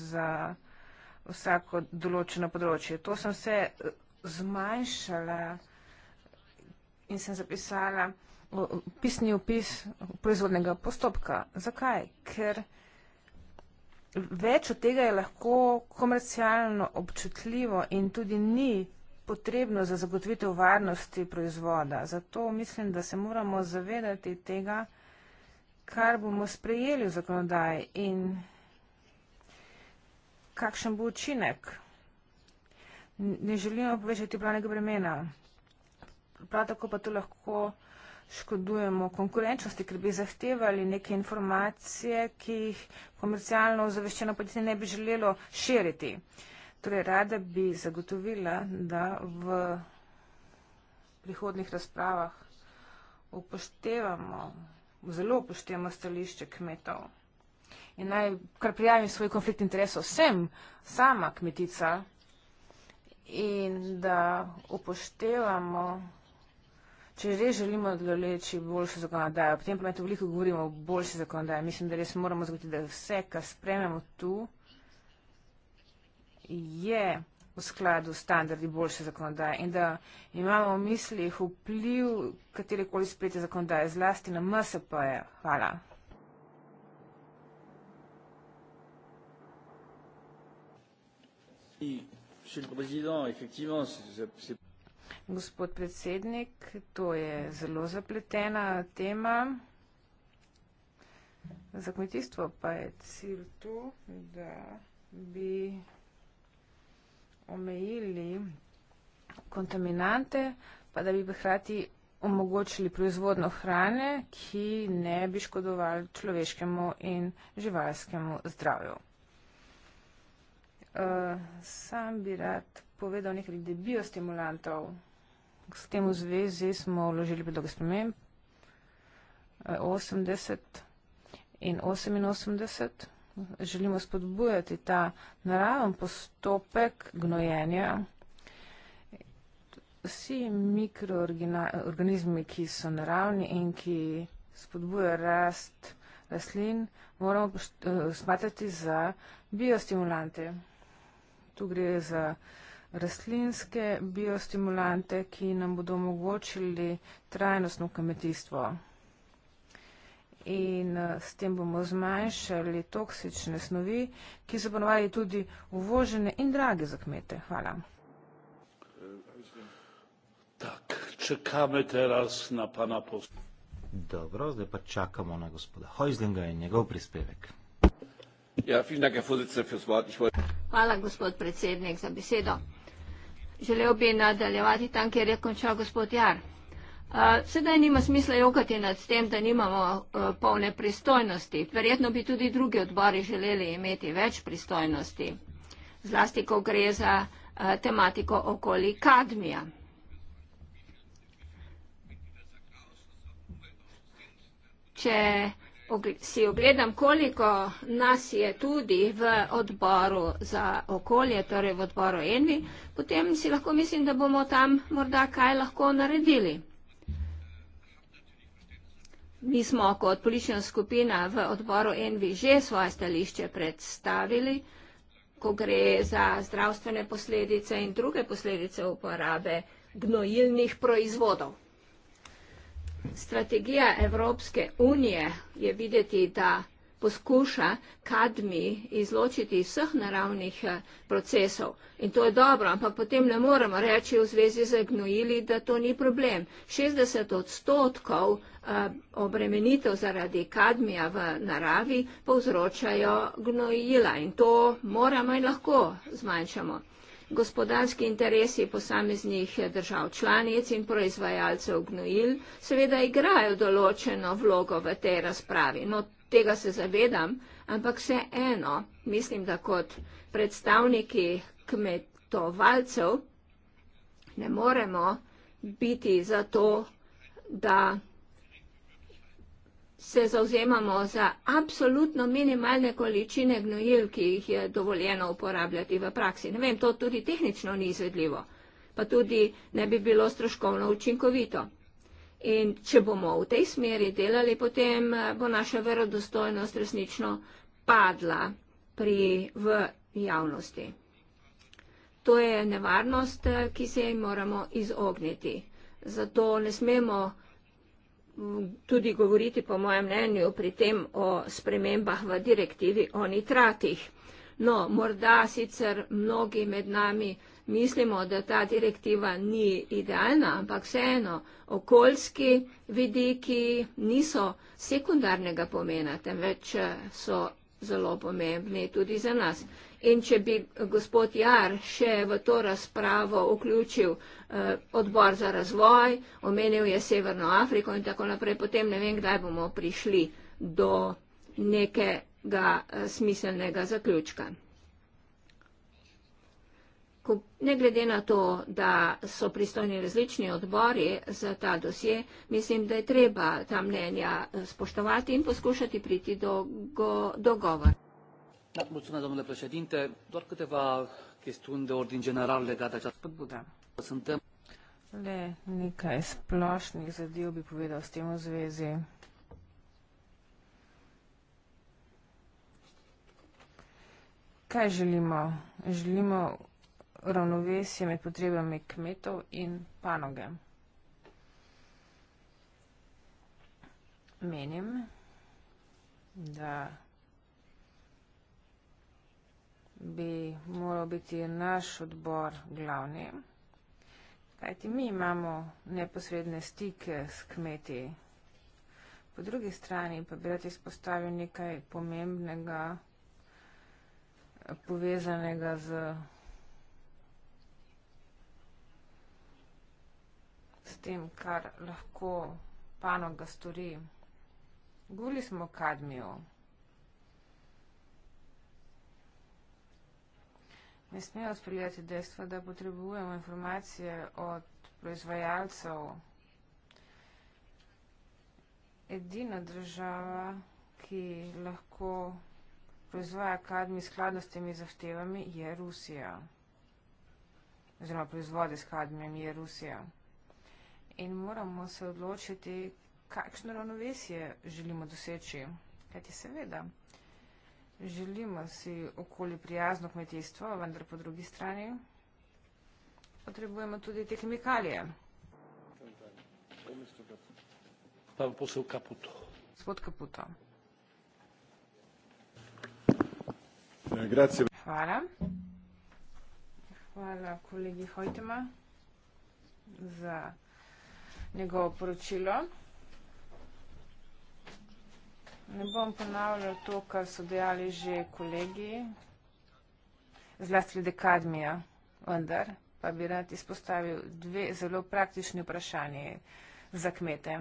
za vsako določeno področje. To sem se eh, zmanjšala in sem zapisala pisni opis proizvodnega postopka. Zakaj? Ker Več od tega je lahko komercialno občutljivo in tudi ni potrebno za zagotovitev varnosti proizvoda. Zato mislim, da se moramo zavedati tega, kar bomo sprejeli v zakonodaji in kakšen bo učinek. Ne želimo povečati pravnega bremena. Prav tako pa to lahko škodujemo konkurenčnosti, ker bi zahtevali neke informacije, ki jih komercialno ozaveščeno podjetje ne bi želelo širiti. Torej, rada bi zagotovila, da v prihodnih razpravah upoštevamo, zelo upoštevamo stališče kmetov. In naj kar prijavim svoj konflikt interesov, sem sama kmetica in da upoštevamo če res želimo doleči boljšo zakonodajo, potem pa med to veliko govorimo o boljši zakonodaji, mislim, da res moramo zgoditi, da vse, kar spremljamo tu, je v skladu standardi boljše zakonodaje in da imamo v mislih vpliv katerekoli spletje zakonodaje, zlasti na MSP-je. Hvala. Monsieur le Président, effectivement, c'est... Gospod predsednik, to je zelo zapletena tema. Za kmetijstvo pa je cilj tu, da bi omejili kontaminante, pa da bi hkrati omogočili proizvodno hrane, ki ne bi škodovali človeškemu in živalskemu zdravju. Uh, sam bi rad povedal nekaj glede biostimulantov. S tem v zvezi smo vložili predlog sprememb 80 e, in 88. Želimo spodbujati ta naraven postopek gnojenja. Vsi mikroorganizmi, ki so naravni in ki spodbuja rast raslin, moramo e, smatrati za biostimulante. Tu gre za rastlinske biostimulante, ki nam bodo omogočili trajnostno kmetijstvo. In eh, s tem bomo zmanjšali toksične snovi, ki so ponovali tudi uvožene in drage za kmete. Hvala.
Tak, čakame teraz na pana post. Dobro, zdaj pa čakamo na gospoda Hojzlinga in njegov prispevek.
Ja, vielen Dank, Herr Vorsitzender, fürs Wort. Ich wollte...
Hvala, gospod predsednik, za besedo. Mm želel bi nadaljevati tam, kjer je končal gospod Jar. Uh, sedaj nima smisla jokati nad tem, da nimamo uh, polne pristojnosti. Verjetno bi tudi drugi odbori želeli imeti več pristojnosti, zlasti ko gre za uh, tematiko okoli kadmija. Če uh, si ogledam, koliko nas je tudi v odboru za okolje, torej v odboru Envi, potem si lahko mislim, da bomo tam morda kaj lahko naredili. Mi smo kot politična skupina v odboru Envi že svoje stališče predstavili, ko gre za zdravstvene posledice in druge posledice uporabe gnojilnih proizvodov strategija Evropske unije je videti, da poskuša kadmi izločiti vseh naravnih eh, procesov. In to je dobro, ampak potem ne moremo reči v zvezi z gnojili, da to ni problem. 60 odstotkov eh, obremenitev zaradi kadmija v naravi povzročajo gnojila in to moramo in lahko zmanjšamo gospodarski interesi posameznih držav članic in proizvajalcev gnojil seveda igrajo določeno vlogo v tej razpravi. No, tega se zavedam, ampak vse eno, mislim, da kot predstavniki kmetovalcev ne moremo biti za to, da se zauzemamo za absolutno minimalne količine gnojil, ki jih je dovoljeno uporabljati v praksi. Ne vem, to tudi tehnično ni izvedljivo, pa tudi ne bi bilo stroškovno učinkovito. In če bomo v tej smeri delali, potem eh, bo naša verodostojnost resnično padla pri, v javnosti. To je nevarnost, eh, ki se jim moramo izogniti. Zato ne smemo tudi govoriti, po mojem mnenju, pri tem o spremembah v direktivi o nitratih. No, morda sicer mnogi med nami mislimo, da ta direktiva ni idealna, ampak vseeno okoljski vidiki niso sekundarnega pomena, temveč eh, so zelo pomembni tudi za nas. In če bi gospod Jar še v to razpravo vključil eh, odbor za razvoj, omenil je Severno Afriko in tako naprej, potem ne vem, kdaj bomo prišli do nekega eh, smiselnega zaključka. Ko, ne glede na to, da so pristojni različni odbori za ta dosje, mislim, da je treba ta mnenja eh, spoštovati in poskušati priti do dogovora.
Da, mulțumesc, domnule președinte. Doar câteva chestiuni de ordin general legate de această... Da. Suntem...
Le, nika je splošnih zadev, bi povedal s tem v zvezi. Kaj želimo? Želimo ravnovesje med potrebami kmetov in panoge. Menim, da bi moral biti naš odbor glavni. Kajti mi imamo neposredne stike s kmeti. Po drugi strani pa bi rad izpostavil nekaj pomembnega, povezanega z s tem, kar lahko panoga stori. Guli smo kadmijo. ne smejo sprijeti dejstva, da potrebujemo informacije od proizvajalcev. Edina država, ki lahko proizvaja kadmi skladno s temi zahtevami, je Rusija. Oziroma proizvode s kadmijem je Rusija. In moramo se odločiti, kakšno ravnovesje želimo doseči. Kajti seveda, Želimo si okolje prijazno kmetijstvo, vendar po drugi strani potrebujemo tudi te kemikalije. Pa bom posel kaputo. Spod kaputo. Hvala. Hvala kolegi Hojtema za njegovo poročilo. Ne bom ponavljal to, kar so dejali že kolegi, zlasti glede kadmija, vendar pa bi rad izpostavil dve zelo praktični vprašanje za kmete.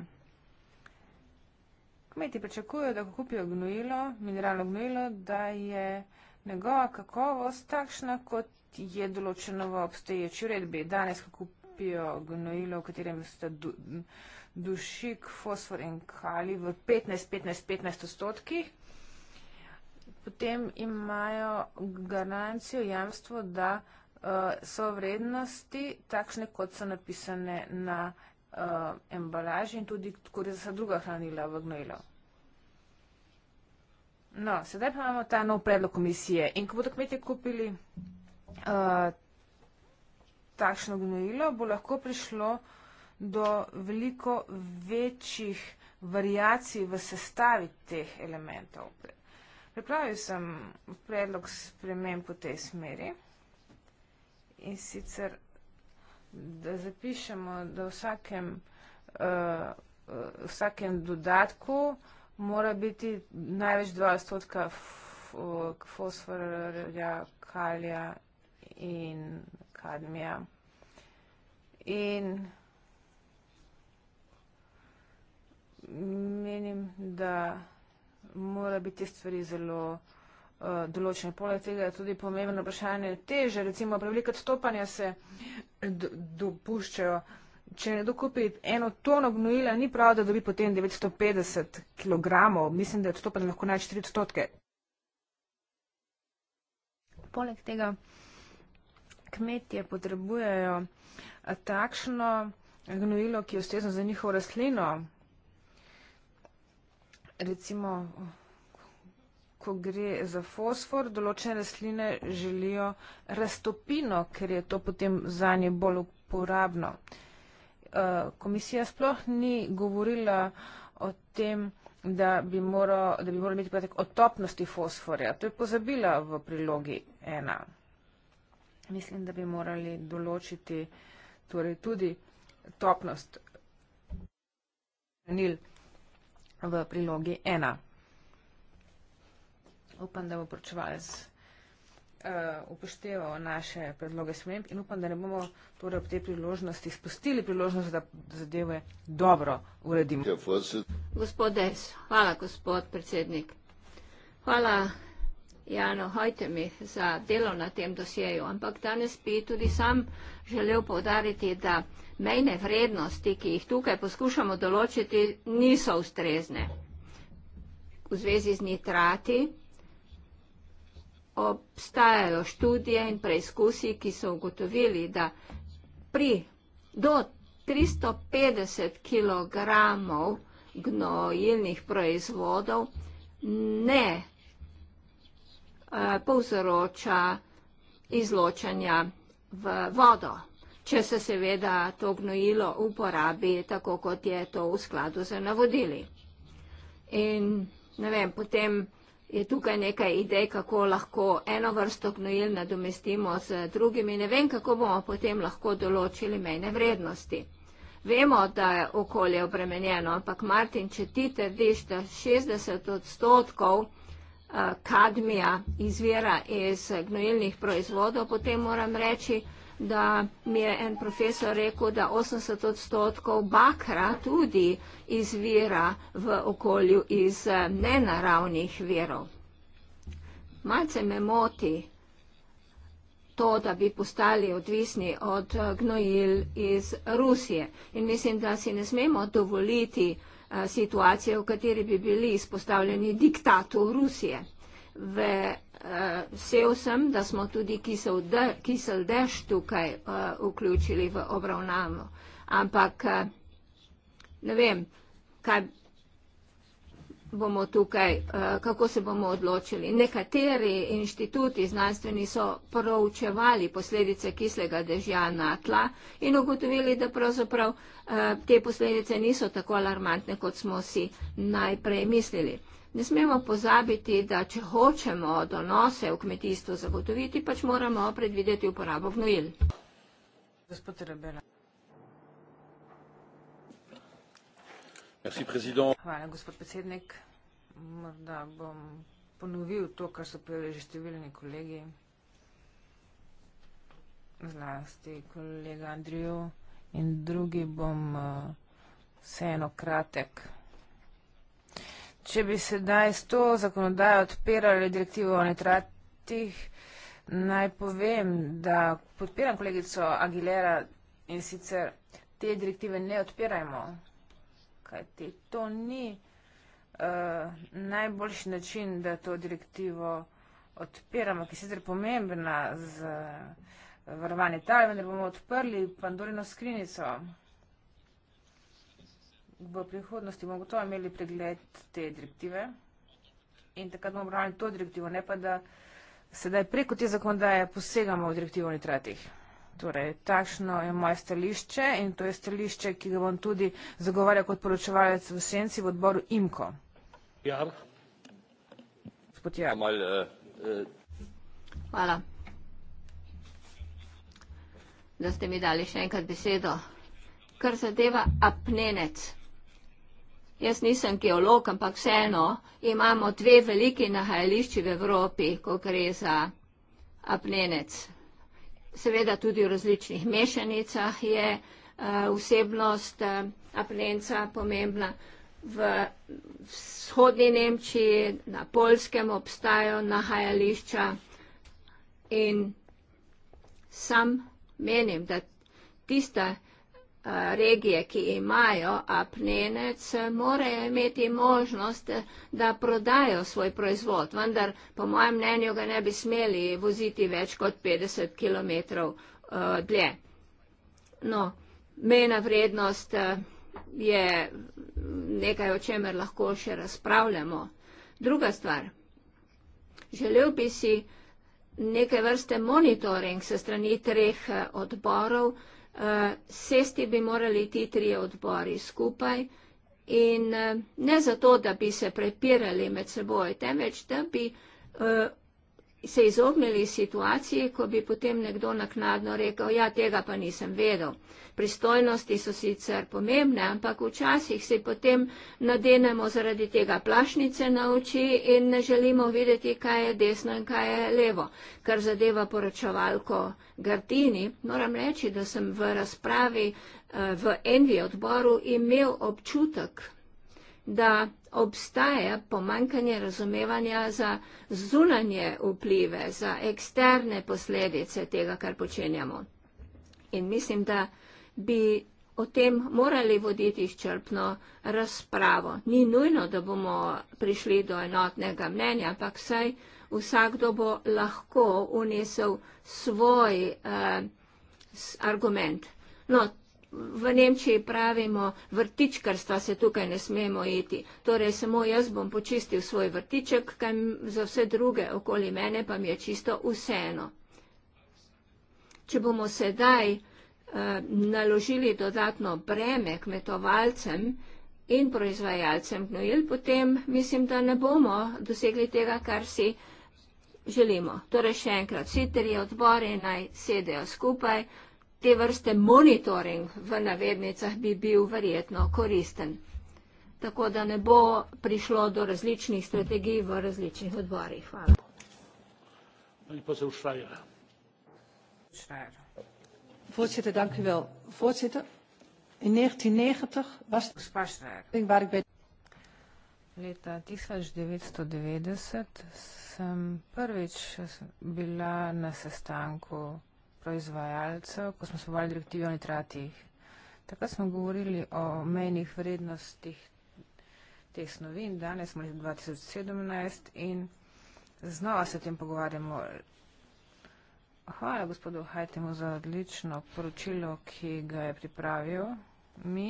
Kmeti pričakujejo, da ko kupijo gnojilo, mineralno gnojilo, da je njegova kakovost takšna, kot je določeno v obstoječi uredbi. Danes, ko kupijo gnojilo, v katerem sta dušik, fosfor in kali v 15-15-15 odstotkih. Potem imajo garancijo, jamstvo, da uh, so vrednosti takšne, kot so napisane na uh, embalaži in tudi, kot je za druga hranila v gnojilo. No, sedaj pa imamo ta nov predlog komisije. In ko bodo kmetje kupili uh, takšno gnojilo, bo lahko prišlo uh, do veliko večjih variacij v sestavi teh elementov. Pripravil sem predlog sprememb po tej smeri in sicer, da zapišemo, da v vsakem, uh, vsakem dodatku mora biti največ 2 odstotka fosforja, kalija in kadmija. In menim, da mora biti te stvari zelo uh, določene. Poleg tega je tudi pomembno vprašanje teže, recimo prevelika stopanja se dopuščajo. Če nekdo kupi eno tono gnojila, ni prav, da dobi potem 950 kg, mislim, da je odstopanje lahko največ 4 odstotke. Poleg tega kmetje potrebujejo takšno gnojilo, ki je ustrezno za njihovo rastlino, recimo, ko gre za fosfor, določene rastline želijo rastopino, ker je to potem za nje bolj uporabno. Eh, komisija sploh ni govorila o tem, da bi moral, da bi moral imeti podatek o topnosti fosforja. To je pozabila v prilogi ena. Mislim, da bi morali določiti torej, tudi topnost. Nil v prilogi ena. Upam, da bo pročevalec eh, upošteval naše predloge sprememb in upam, da ne bomo torej ob tej priložnosti spustili priložnost, da zadeve dobro uredimo.
Gospod Des, hvala gospod predsednik. Hvala Jano Hojtemih za delo na tem dosjeju, ampak danes bi tudi sam želel povdariti, da mejne vrednosti, ki jih tukaj poskušamo določiti, niso ustrezne. V zvezi z nitrati obstajajo študije in preizkusi, ki so ugotovili, da pri do 350 kg gnojilnih proizvodov ne eh, povzroča izločanja v vodo če se seveda to gnojilo uporabi tako, kot je to v skladu z navodili. In ne vem, potem je tukaj nekaj idej, kako lahko eno vrsto gnojil nadomestimo z drugimi. Ne vem, kako bomo potem lahko določili mejne vrednosti. Vemo, da je okolje obremenjeno, ampak Martin, če ti trdiš, da 60 odstotkov eh, kadmija izvira iz gnojilnih proizvodov, potem moram reči, da mi je en profesor rekel, da 80 odstotkov bakra tudi izvira v okolju iz eh, nenaravnih verov. Malce me moti to, da bi postali odvisni od eh, gnojil iz Rusije. In mislim, da si ne smemo dovoliti eh, situacije, v kateri bi bili izpostavljeni diktatu Rusije. V Eh, vsev sem, da smo tudi kisel dež tukaj eh, vključili v obravnavo. Ampak eh, ne vem, kaj bomo tukaj, kako se bomo odločili. Nekateri inštituti znanstveni so proučevali posledice kislega dežja na tla in ugotovili, da pravzaprav te posledice niso tako alarmantne, kot smo si najprej mislili. Ne smemo pozabiti, da če hočemo donose v kmetijstvu zagotoviti, pač moramo predvideti uporabo gnojil.
Hvala,
gospod predsednik. Morda bom ponovil to, kar so povedali že številni kolegi, zlasti kolega Andriju in drugi bom eh, vseeno kratek če bi sedaj s to zakonodajo odpirali direktivo o nitratih, naj povem, da podpiram kolegico Aguilera in sicer te direktive ne odpirajmo, kajti to ni uh, najboljši način, da to direktivo odpiramo, ki je sicer pomembna z eh, varovanje tal, vendar bomo odprli Pandorino skrinico v prihodnosti bomo gotovo imeli pregled te direktive in takrat bomo obravnali to direktivo, ne pa da sedaj preko te zakonodaje posegamo v direktivo nitratih. Torej, takšno je moje stališče in to je stališče, ki ga bom tudi zagovarjal kot poročevalec v senci v odboru IMKO.
Jar. Gospod Jar. Mal, eh, eh.
Hvala. Da ste mi dali še enkrat besedo. Kar zadeva apnenec. Jaz nisem geolog, ampak vseeno imamo dve veliki nahajališči v Evropi, ko gre za apnenec. Seveda tudi v različnih mešanicah je uh, vsebnost uh, apnenca pomembna. V vzhodni Nemčiji, na Polskem obstajajo nahajališča in sam menim, da tista regije, ki imajo apnenec, morajo imeti možnost, da prodajo svoj proizvod, vendar po mojem mnenju ga ne bi smeli voziti več kot 50 km e, dlje. No, mena vrednost e, je nekaj, o čemer lahko še razpravljamo. Druga stvar. Želel bi si neke vrste monitoring se strani treh e, odborov, Eh, sesti bi morali ti trije odbori skupaj in eh, ne zato, da bi se prepirali med seboj, temveč, da bi eh, se izognili situaciji, ko bi potem nekdo naknadno rekel, ja, tega pa nisem vedel. Pristojnosti so sicer pomembne, ampak včasih se potem nadenemo zaradi tega plašnice na oči in ne želimo videti, kaj je desno in kaj je levo. Kar zadeva poročevalko Gardini, moram reči, da sem v razpravi eh, v Envi odboru imel občutek, da obstaja pomankanje razumevanja za zunanje vplive, za eksterne posledice tega, kar počenjamo. In mislim, da bi o tem morali voditi izčrpno razpravo. Ni nujno, da bomo prišli do enotnega mnenja, ampak vsaj vsakdo bo lahko unesel svoj eh, argument. No, v Nemčiji pravimo vrtičkarstva, se tukaj ne smemo iti. Torej, samo jaz bom počistil svoj vrtiček, kaj za vse druge okoli mene pa mi je čisto vseeno. Če bomo sedaj eh, naložili dodatno breme kmetovalcem in proizvajalcem gnojil, potem mislim, da ne bomo dosegli tega, kar si želimo. Torej še enkrat, vsi tri odbore naj sedejo skupaj te vrste monitoring v navednicah bi bil verjetno koristen. Tako da ne bo prišlo do različnih strategij v različnih odborih. Hvala.
Voorzitter, dank u wel. Voorzitter, in 1990 was ik bij. Leta 1990 sem prvič bila na sestanku proizvajalcev, ko smo se bavili direktive o nitratih. Takrat smo govorili o menjih vrednostih teh snovi in danes smo v 2017 in znova se o tem pogovarjamo. Hvala gospodu Hajtemu za odlično poročilo, ki ga je pripravil mi.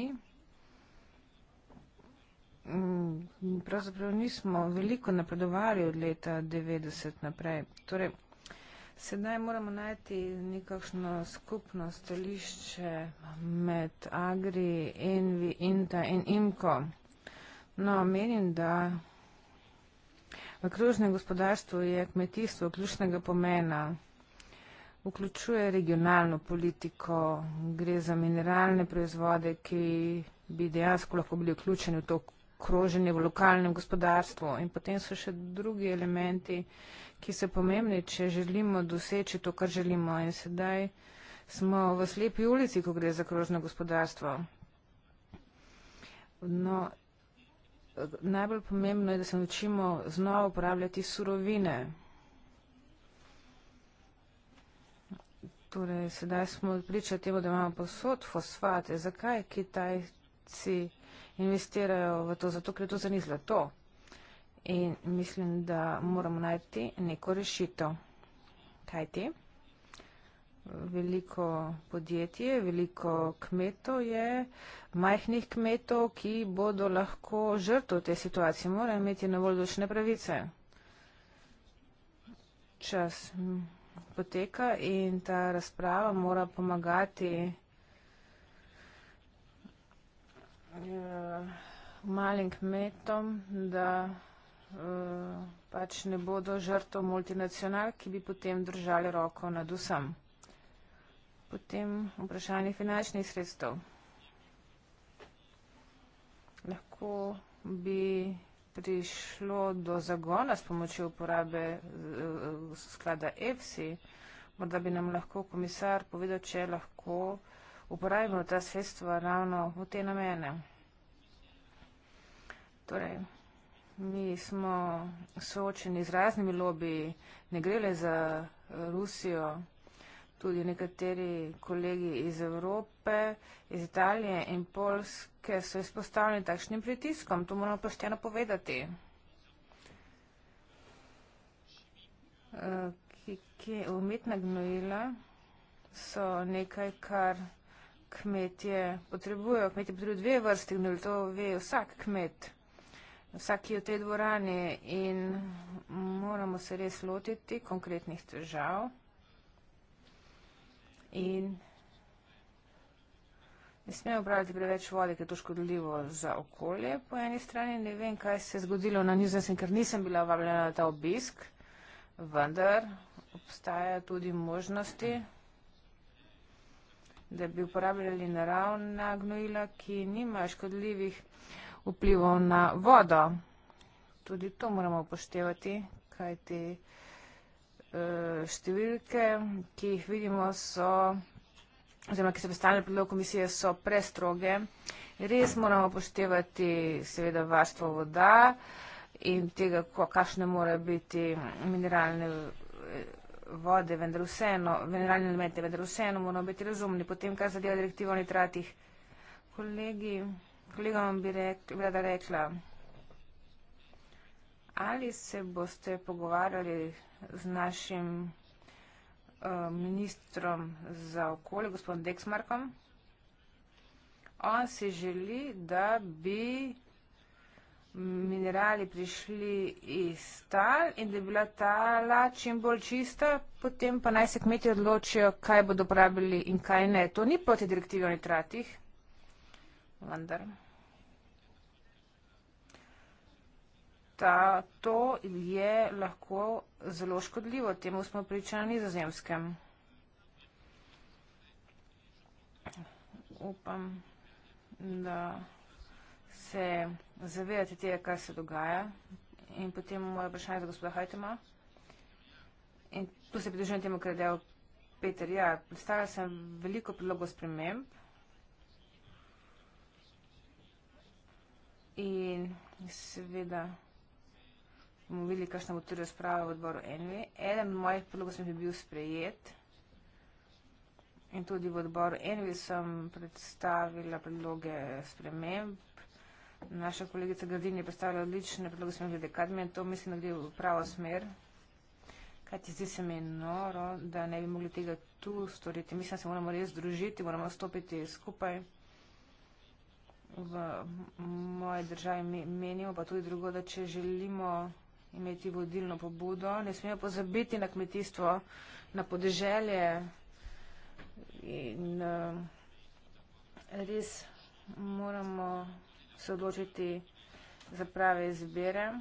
Pravzaprav nismo veliko napredovali od leta 90 naprej. Torej, Sedaj moramo najti nekakšno skupno stališče med Agri, Envi, Inta in Imko. No, menim, da v kružnem gospodarstvu je kmetijstvo ključnega pomena. Vključuje regionalno politiko, gre za mineralne proizvode, ki bi dejansko lahko bili vključeni v to kroženje v lokalnem gospodarstvu. In potem so še drugi elementi, ki so pomembni, če želimo doseči to, kar želimo. In sedaj smo v slepi ulici, ko gre za krožno gospodarstvo. No, najbolj pomembno je, da se naučimo znova uporabljati surovine. Torej, sedaj smo pričali temu, da imamo posod fosfate. Zakaj Kitajci investirajo v to? Zato, ker to za njih zlato in mislim, da moramo najti neko rešitev. Kaj ti? Veliko podjetje, veliko kmetov je, majhnih kmetov, ki bodo lahko žrtov te situacije, morajo imeti na voljo določene pravice. Čas poteka in ta razprava mora pomagati uh, malim kmetom, da pač ne bodo žrtov multinacional, ki bi potem držali roko nad vsem. Potem vprašanje finančnih sredstev. Lahko bi prišlo do zagona s pomočjo uporabe eh, sklada EFSI. Morda bi nam lahko komisar povedal, če lahko uporabimo ta sredstva ravno v te namene. Torej, Mi smo soočeni z raznimi lobiji, ne gre le za Rusijo, tudi nekateri kolegi iz Evrope, iz Italije in Polske so izpostavljeni takšnim pritiskom, to moramo pošteno povedati. Umetna gnojila so nekaj, kar kmetje potrebujejo. Kmetje potrebujejo dve vrste gnojil, to ve vsak kmet vsaki v tej dvorani in moramo se res lotiti konkretnih težav in ne smemo praviti preveč vode, ker je to škodljivo za okolje po eni strani. Ne vem, kaj se je zgodilo na nizozemskem, ker nisem bila vabljena na ta obisk, vendar obstaja tudi možnosti da bi uporabljali naravna gnojila, ki nima škodljivih uh, vplivov na vodo. Tudi to moramo upoštevati, kajti eh, številke, ki jih vidimo, so, oziroma, ki so predstavljene predlog komisije, so prestroge. Res moramo upoštevati seveda varstvo voda in tega, kakšne morajo biti mineralne eh, vode, vendar vseeno, mineralne elemente, vendar vseeno moramo biti razumni. Potem, kar zadeva direktivo o nitratih, kolegi kolegom bi rada rekla, ali se boste pogovarjali z našim eh, ministrom za okolje, gospodom Dexmarkom. On si želi, da bi minerali prišli iz tal in da bi bila tala čim bolj čista, potem pa naj se kmeti odločijo, kaj bodo uporabili in kaj ne. To ni proti direktivi o nitratih, vendar. ta, to je lahko zelo škodljivo. Temu smo pričali na nizozemskem. Upam, da se zavedate tega, kar se dogaja. In potem moje vprašanje za gospoda Hajtema. In tu se pridružujem temu, kar je del Peter. Ja, predstavljal sem veliko predlogov sprememb. In seveda bomo videli, kakšna bo tudi razprava v odboru Envi. Eden od mojih predlogov sem bil sprejet in tudi v odboru Envi sem predstavila predloge sprememb. Naša kolegica Gardin je predstavila odlične predloge sprememb glede kadmija in to mislim, da gre v pravo smer. Kaj ti zdi se mi noro, da ne bi mogli tega tu storiti? Mislim, da se moramo res družiti, moramo stopiti skupaj v moje državi menimo, pa tudi drugo, da če želimo imeti vodilno pobudo, ne smejo pozabiti na kmetijstvo, na podeželje in eh, res moramo se odločiti za prave izbire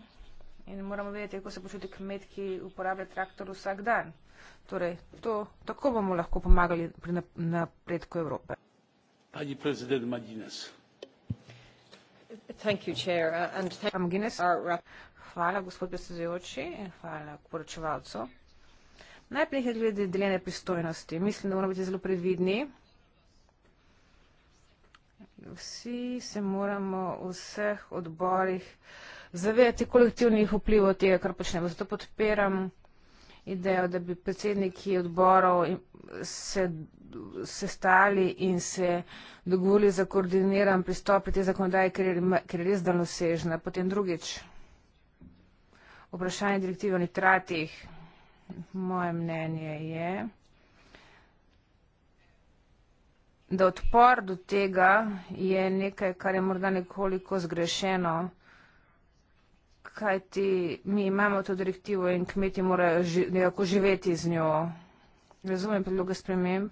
in moramo vedeti, kako se počuti kmet, ki uporablja traktor vsak dan. Torej, to, tako bomo lahko pomagali pri napredku Evrope.
Pani predsednik Madines.
Thank you, Chair, uh, and thank you, Mr hvala, gospod predsedujoči in hvala poročevalcu. Najprej je glede deljene pristojnosti. Mislim, da moramo biti zelo previdni. Vsi se moramo v vseh odborih zavedati kolektivnih vplivov tega, kar počnemo. Zato podpiram idejo, da bi predsedniki odborov se sestali in se dogovorili za koordiniran pristop pri tej zakonodaji, ker je res daljnosežna. Potem drugič vprašanje direktive o nitratih. Moje mnenje je, da odpor do tega je nekaj, kar je morda nekoliko zgrešeno, kajti mi imamo to direktivo in kmeti morajo ži, nekako živeti z njo. Razumem predloge sprememb,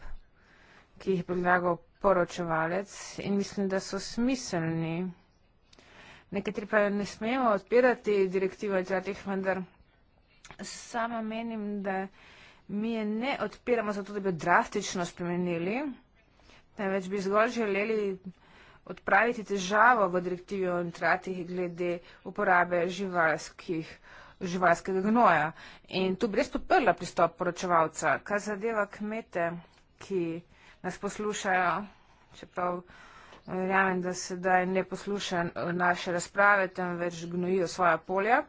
ki jih je predlagal poročevalec in mislim, da so smiselni nekateri pa ne smemo odpirati direktive odžatih, vendar sama menim, da mi je ne odpiramo zato, da bi jo drastično spremenili, temveč bi zgolj želeli odpraviti težavo v direktivi o nitratih glede uporabe živalskih, živalskega gnoja. In tu bi res podprla pristop poročevalca, kar zadeva kmete, ki nas poslušajo, čeprav. Verjamem, da sedaj ne poslušajo naše razprave, temveč gnojijo svoja polja.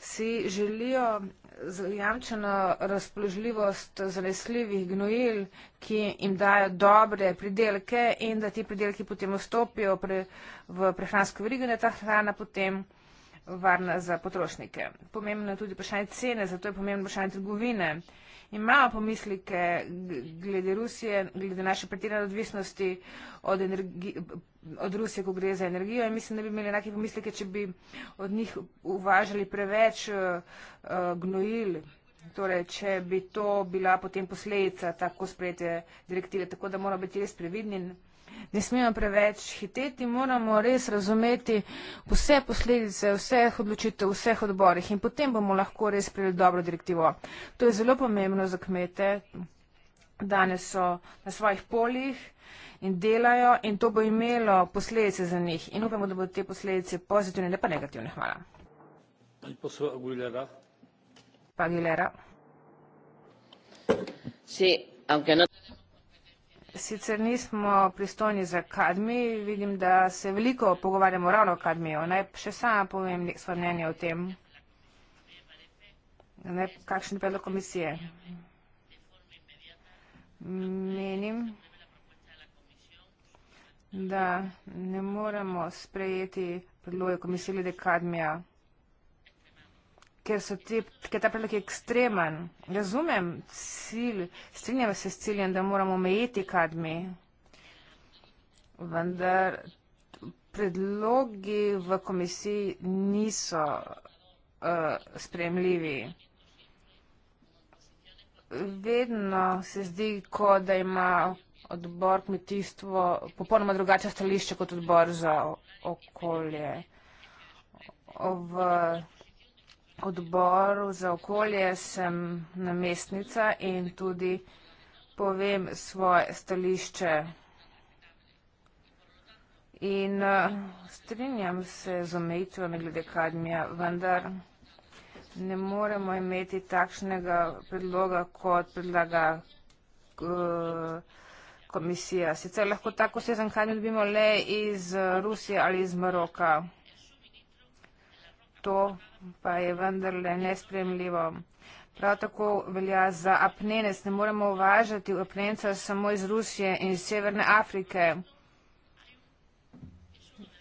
Si želijo zajamčeno razpoložljivost zanesljivih gnojil, ki jim dajo dobre pridelke in da ti pridelki potem vstopijo pre, v prehransko verigo, da ta hrana potem varna za potrošnike. Pomembno je tudi vprašanje cene, zato je pomembno vprašanje trgovine imajo pomislike glede Rusije, glede naše pretirane odvisnosti od, energi, od Rusije, ko gre za energijo in mislim, da bi imeli enake pomislike, če bi od njih uvažali preveč uh, eh, eh, gnojili torej, če bi to bila potem posledica tako sprejete direktive. Tako da moramo biti res previdni. Ne smemo preveč hiteti, moramo res razumeti vse posledice, vseh odločitev, vseh odborih in potem bomo lahko res prijeli dobro direktivo. To je zelo pomembno za kmete. Danes so na svojih poljih in delajo in to bo imelo posledice za njih. In upamo, da bodo te posledice pozitivne, ne pa negativne. Hvala señora aguilera no- sicer nismo pristojni za kadmij vidim da se veliko pogovarjamo ravno o kadmiju naj še sama povem svoje mnenje o tem naj kakšen predlog komisije menim da ne moremo sprejeti predloge komisije glede kadmija ker, te, ker ta predlog je ekstremen. Razumem cilj, strinjam se s ciljem, da moramo omejiti kadmi, vendar predlogi v komisiji niso uh, eh, spremljivi. Vedno se zdi, ko da ima odbor kmetijstvo popolnoma drugače stališče kot odbor za okolje. V odboru za okolje sem namestnica in tudi povem svoje stališče. In eh, strinjam se z omejitvami na glede kadmija, vendar ne moremo imeti takšnega predloga, kot predlaga eh, komisija. Sicer lahko tako sezen kadmij dobimo le iz eh, Rusije ali iz Maroka. To pa je vendarle nespremljivo. Prav tako velja za apnenec. Ne moremo uvažati apnenca samo iz Rusije in iz Severne Afrike.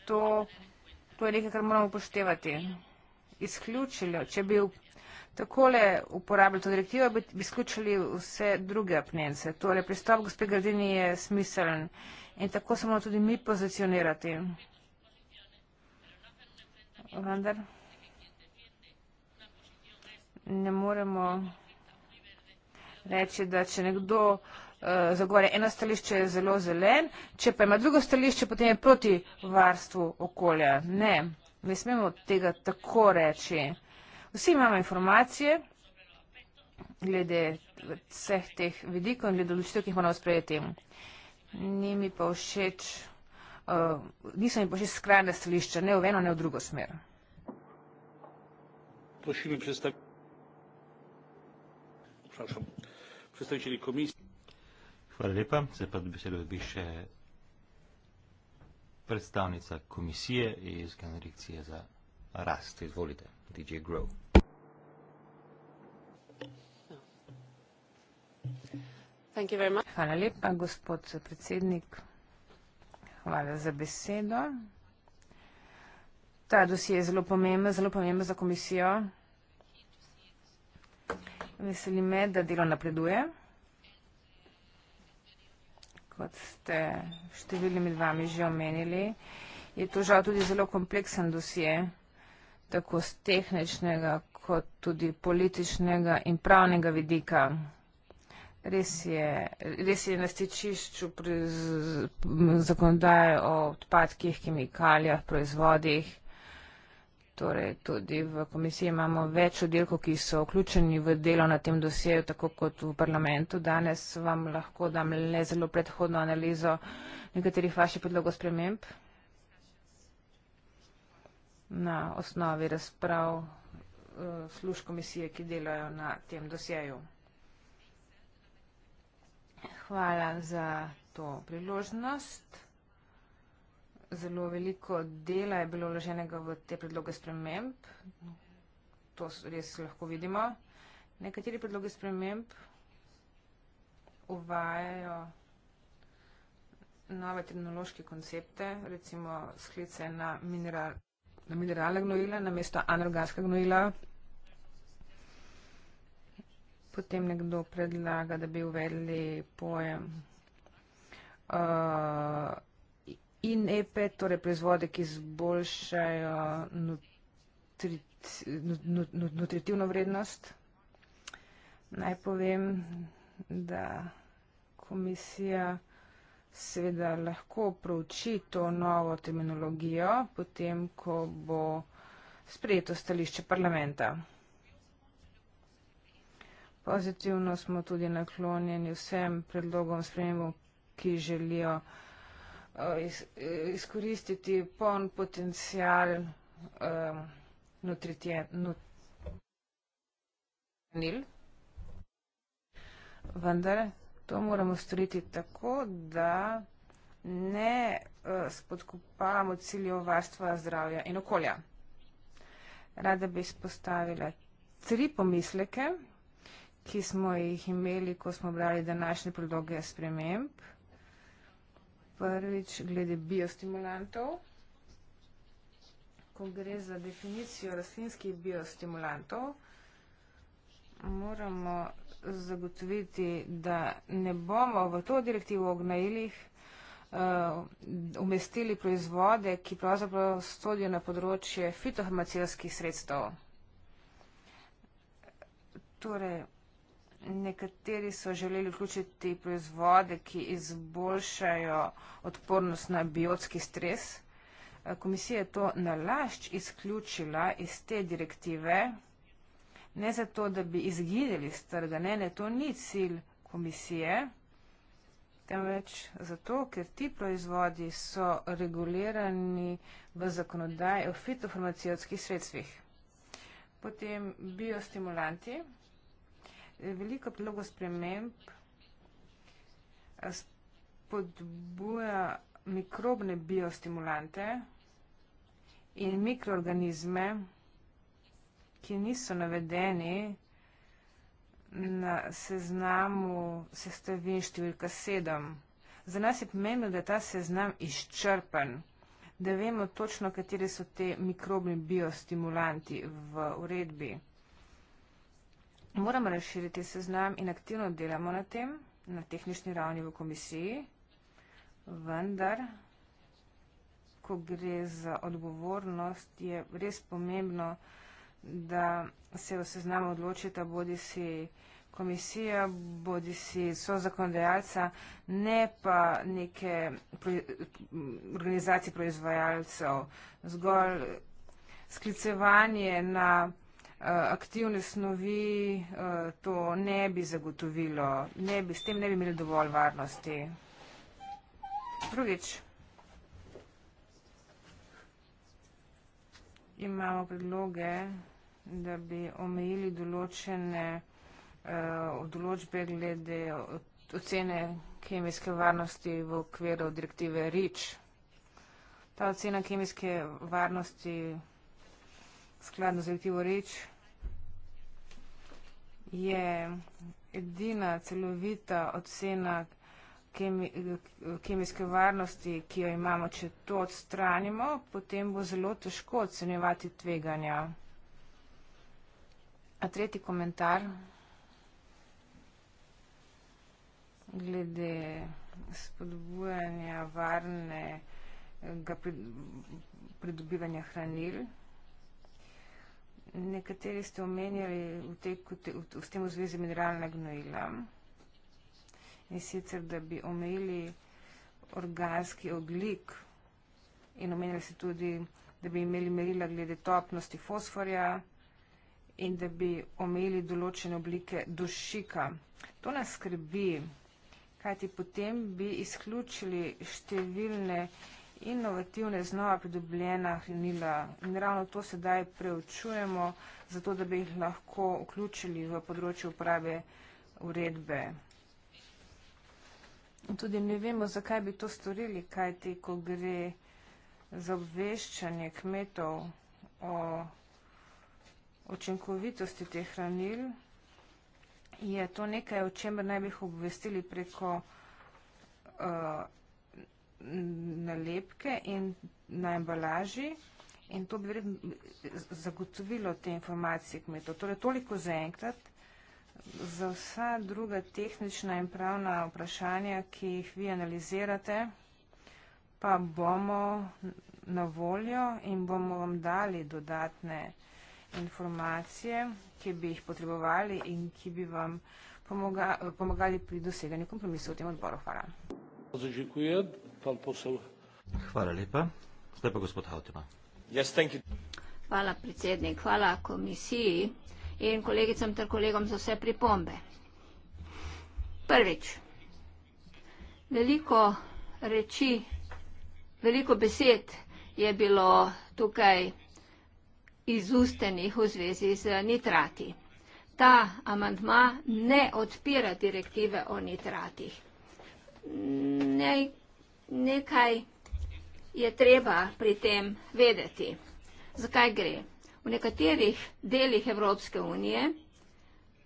To, to je nekaj, kar moramo upoštevati. Izključili. Če bi takole uporabili to direktivo, bi, bi izključili vse druge apnence. Torej, pristop gospe Gradini je smiseln in tako se moramo tudi mi pozicionirati. Vendar ne moremo reči, da če nekdo eh, zagovarja eno stališče, je zelo zelen, če pa ima drugo stališče, potem je proti varstvu okolja. Ne, ne smemo tega tako reči. Vsi imamo informacije glede vseh teh vidikov in glede odločitev, ki jih moramo sprejeti. Ni mi pa všeč, uh, niso mi pa všeč skrajne stališča, ne v eno, ne v drugo smer.
Pošiljim čez tako. Vprašam predstavitelji komisije.
Hvala lepa. Zdaj pa besedo dobi še predstavnica komisije iz Generikcije za rast. Izvolite, DJ Grow.
Hvala lepa, gospod predsednik. Hvala za besedo. Ta dosje je zelo pomemben, zelo pomemben za komisijo. Veseli me, da delo napreduje. Kot ste številni med vami že omenili, je to žal tudi zelo kompleksen dosje, tako z tehničnega, kot tudi političnega in pravnega vidika. Res je, res je na stičišču zakonodaje o odpadkih, kemikalijah, proizvodih. Torej, tudi v komisiji imamo več oddelkov, ki so vključeni v delo na tem dosjeju, tako kot v parlamentu. Danes vam lahko dam le zelo predhodno analizo nekaterih vaših predlogov sprememb na osnovi razprav eh, služ komisije, ki delajo na tem dosjeju. Hvala za to priložnost zelo veliko dela je bilo vloženega v te predloge sprememb. To res lahko vidimo. Nekateri predloge sprememb uvajajo nove terminološke koncepte, recimo sklice na, mineral, na minerale gnojila, na mesto anorganska gnojila. Potem nekdo predlaga, da bi uvedli pojem uh, in E5, torej proizvode, ki zboljšajo nutritivno vrednost. Naj povem, da komisija seveda lahko prouči to novo terminologijo, potem, ko bo sprejeto stališče parlamenta. Pozitivno smo tudi naklonjeni vsem predlogom spremembo, ki želijo vsega, Eh, iz, izkoristiti poln potencial um, eh, nutritjenil. Vendar to moramo storiti tako, da ne uh, spodkopavamo ciljev varstva zdravja in okolja. Rada bi izpostavila tri pomisleke, ki smo jih imeli, ko smo brali današnje predloge sprememb prvič glede biostimulantov. Ko gre za definicijo rastlinskih biostimulantov, moramo zagotoviti, da ne bomo v to direktivo o gnajilih eh, umestili proizvode, ki pravzaprav stodijo na področje fitohemacijskih sredstev. Torej, Nekateri so želeli vključiti proizvode, ki izboljšajo odpornost na biotski stres. Komisija je to nalašč izključila iz te direktive, ne zato, da bi izginili strga. Ne, ne, to ni cilj komisije, temveč zato, ker ti proizvodi so regulirani v zakonodaji o fitofarmacijskih sredstvih. Potem biostimulanti veliko predlogov sprememb eh, spodbuja mikrobne biostimulante in mikroorganizme, ki niso navedeni na seznamu sestavin številka 7. Za nas je pomembno, da je ta seznam izčrpan, da vemo točno, kateri so te mikrobni biostimulanti v uredbi moramo razširiti seznam in aktivno delamo na tem, na tehnični ravni v komisiji, vendar, ko gre za odgovornost, je res pomembno, da se v seznamu odločite, bodi si komisija, bodi si sozakonodajalca, ne pa neke organizacije proizvajalcev. Zgolj sklicevanje na aktivne snovi eh, to ne bi zagotovilo, ne bi, s tem ne bi imeli dovolj varnosti. Drugič, imamo predloge, da bi omejili določene uh, določbe glede ocene kemijske varnosti v okviru direktive REACH. Ta ocena kemijske varnosti skladno z direktivo REACH je edina celovita ocena kemi, kemijske varnosti, ki jo imamo. Če to odstranimo, potem bo zelo težko ocenjevati tveganja. A tretji komentar glede spodbujanja varnega pridobivanja hranil. Nekateri ste omenjali v, te, v tem v zvezi mineralna gnojila in sicer, da bi omejili organski oglik in omenjali ste tudi, da bi imeli merila glede topnosti fosforja in da bi omejili določene oblike dušika. To nas skrbi, kajti potem bi izključili številne inovativne, znova pridobljena hranila in ravno to sedaj preučujemo, zato da bi jih lahko vključili v področje uprave uredbe. In tudi ne vemo, zakaj bi to storili, kajti, ko gre za obveščanje kmetov o učinkovitosti teh hranil, je to nekaj, o čemer naj bi jih obvestili preko uh, nalepke in na embalaži in to bi zagotovilo te informacije kmetov. Torej, toliko zaenkrat za vsa druga tehnična in pravna vprašanja, ki jih vi analizirate, pa bomo na voljo in bomo vam dali dodatne informacije, ki bi jih potrebovali in ki bi vam pomaga, pomagali pri doseganju kompromisov v tem odboru. Hvala.
Zažikujem pan posel.
Hvala lepa. Zdaj pa gospod Hautema. Yes,
Hvala predsednik. Hvala komisiji in kolegicam ter kolegom za vse pripombe. Prvič. Veliko reči, veliko besed je bilo tukaj izustenih v zvezi z nitrati. Ta amantma ne odpira direktive o nitratih. Ne, nekaj je treba pri tem vedeti. Zakaj gre? V nekaterih delih Evropske unije,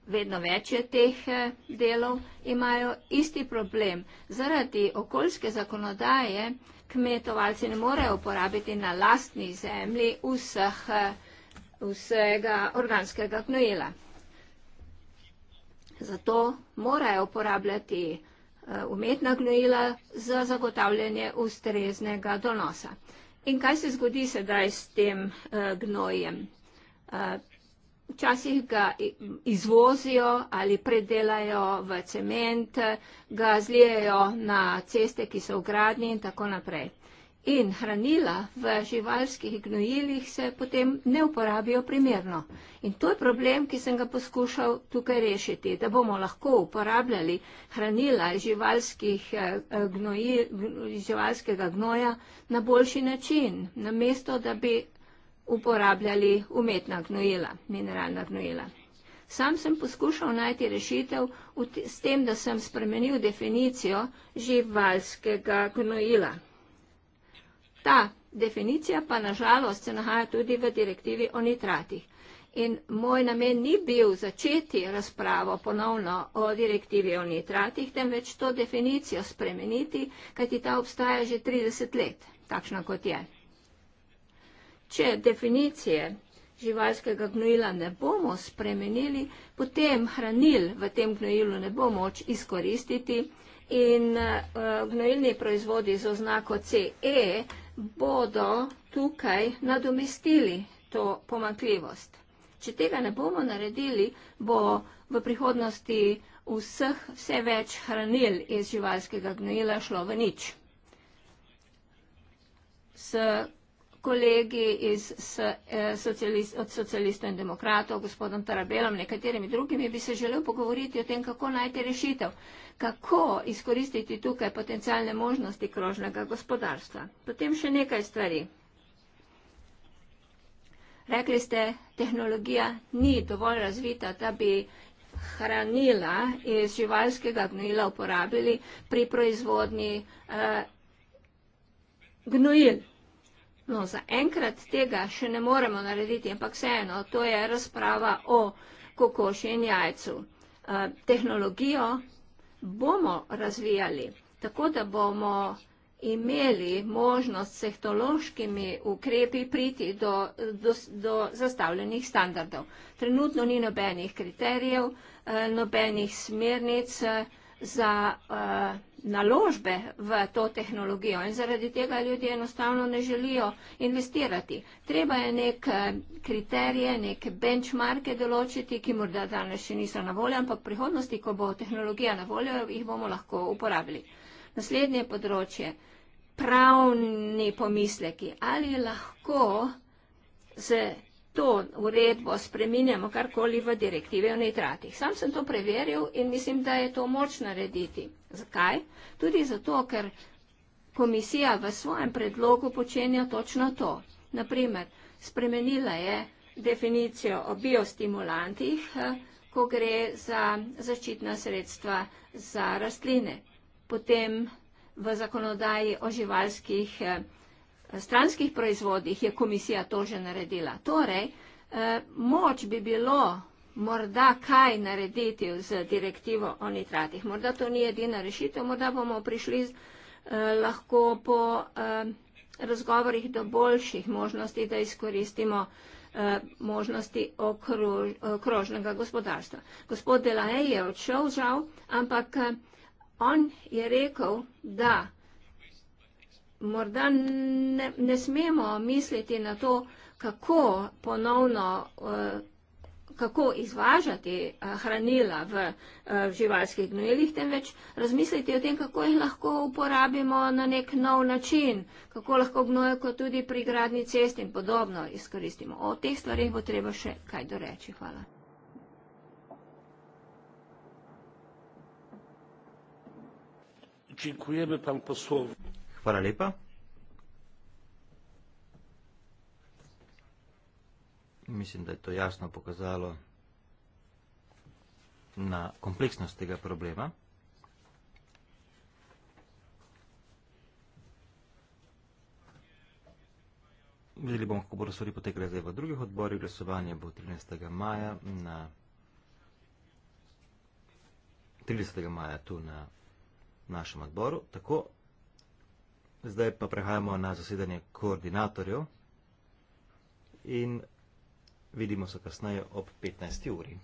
vedno več je teh eh, delov, imajo isti problem. Zaradi okoljske zakonodaje kmetovalci ne morejo uporabiti na lastni zemlji vseh, eh, vsega organskega gnojila. Zato morajo uporabljati Eh, umetna gnojila za zagotavljanje ustreznega donosa. In kaj se zgodi sedaj s tem eh, gnojem? Eh, včasih ga izvozijo ali predelajo v cement, ga zlijejo na ceste, ki so v gradnji in tako naprej in hranila v živalskih gnojilih se potem ne uporabijo primerno. In to je problem, ki sem ga poskušal tukaj rešiti, da bomo lahko uporabljali hranila živalskih eh, eh, gnoji, živalskega gnoja na boljši način, namesto da bi uporabljali umetna gnojila, mineralna gnojila. Sam sem poskušal najti rešitev s tem, da sem spremenil definicijo živalskega gnojila. Ta definicija pa nažalost se nahaja tudi v direktivi o nitratih. In moj namen ni bil začeti razpravo ponovno o direktivi o nitratih, temveč to definicijo spremeniti, kajti ta obstaja že 30 let, takšna kot je. Če definicije živalskega gnojila ne bomo spremenili, potem hranil v tem gnojilu ne bo moč izkoristiti in uh, gnojilni proizvodi z oznako CE bodo tukaj nadomestili to pomankljivost. Če tega ne bomo naredili, bo v prihodnosti vseh vse več hranil iz živalskega gnojila šlo v nič. S kolegi iz, s, eh, socialist, od socialistov in demokratov, gospodom Tarabelom, nekaterimi drugimi, bi se želel pogovoriti o tem, kako najti rešitev. Eh, kako izkoristiti tukaj potencijalne možnosti krožnega gospodarstva. Potem še nekaj stvari. Rekli ste, tehnologija ni dovolj razvita, da bi hranila iz živalskega gnojila uporabili pri proizvodni eh, gnojil. No, za enkrat tega še ne moremo narediti, ampak vseeno, to je razprava o kokoši in jajcu. Eh, tehnologijo bomo razvijali, tako da bomo imeli možnost s tehnološkimi ukrepi priti do, do, do zastavljenih standardov. Trenutno ni nobenih kriterijev, eh, nobenih smernic, eh, za uh, naložbe v to tehnologijo in zaradi tega ljudje enostavno ne želijo investirati. Treba je nek eh, kriterije, neke benchmarke določiti, ki morda danes še niso na voljo, ampak v prihodnosti, ko bo tehnologija na voljo, jih bomo lahko uporabili. Naslednje področje, pravni pomisleki. Ali lahko z to uredbo spreminjamo karkoli v direktive o nitratih. Sam sem to preveril in mislim, da je to moč narediti. Zakaj? Tudi zato, ker komisija v svojem predlogu počenja točno to. Naprimer, spremenila je definicijo o biostimulantih, eh, ko gre za zaščitna sredstva za rastline. Potem v zakonodaji o živalskih eh, stranskih proizvodih je komisija to že naredila. Torej, eh, moč bi bilo morda kaj narediti z direktivo o nitratih. Morda to ni edina rešitev, morda bomo prišli z, eh, lahko po eh, razgovorih do boljših možnosti, da izkoristimo eh, možnosti okrož, okrožnega gospodarstva. Gospod Delahej je odšel žal, ampak eh, on je rekel, da morda ne, ne smemo misliti na to, kako ponovno, eh, kako izvažati eh, hranila v, v eh, živalskih gnojilih, temveč razmisliti o tem, kako jih lahko uporabimo na nek nov način, kako lahko gnoj kot tudi pri gradni cesti in podobno izkoristimo. O teh stvarih bo treba še kaj doreči. Hvala.
Dziękujemy
pan posłowi.
Hvala lepa. Mislim, da je to jasno pokazalo na kompleksnost tega problema. Videli bomo, kako bodo stvari potekale zdaj v drugih odborih. Glasovanje bo 13. maja na 30. maja tu na našem odboru. Tako, Zdaj pa prehajamo na zasedanje koordinatorjev in vidimo se kasneje ob 15. uri.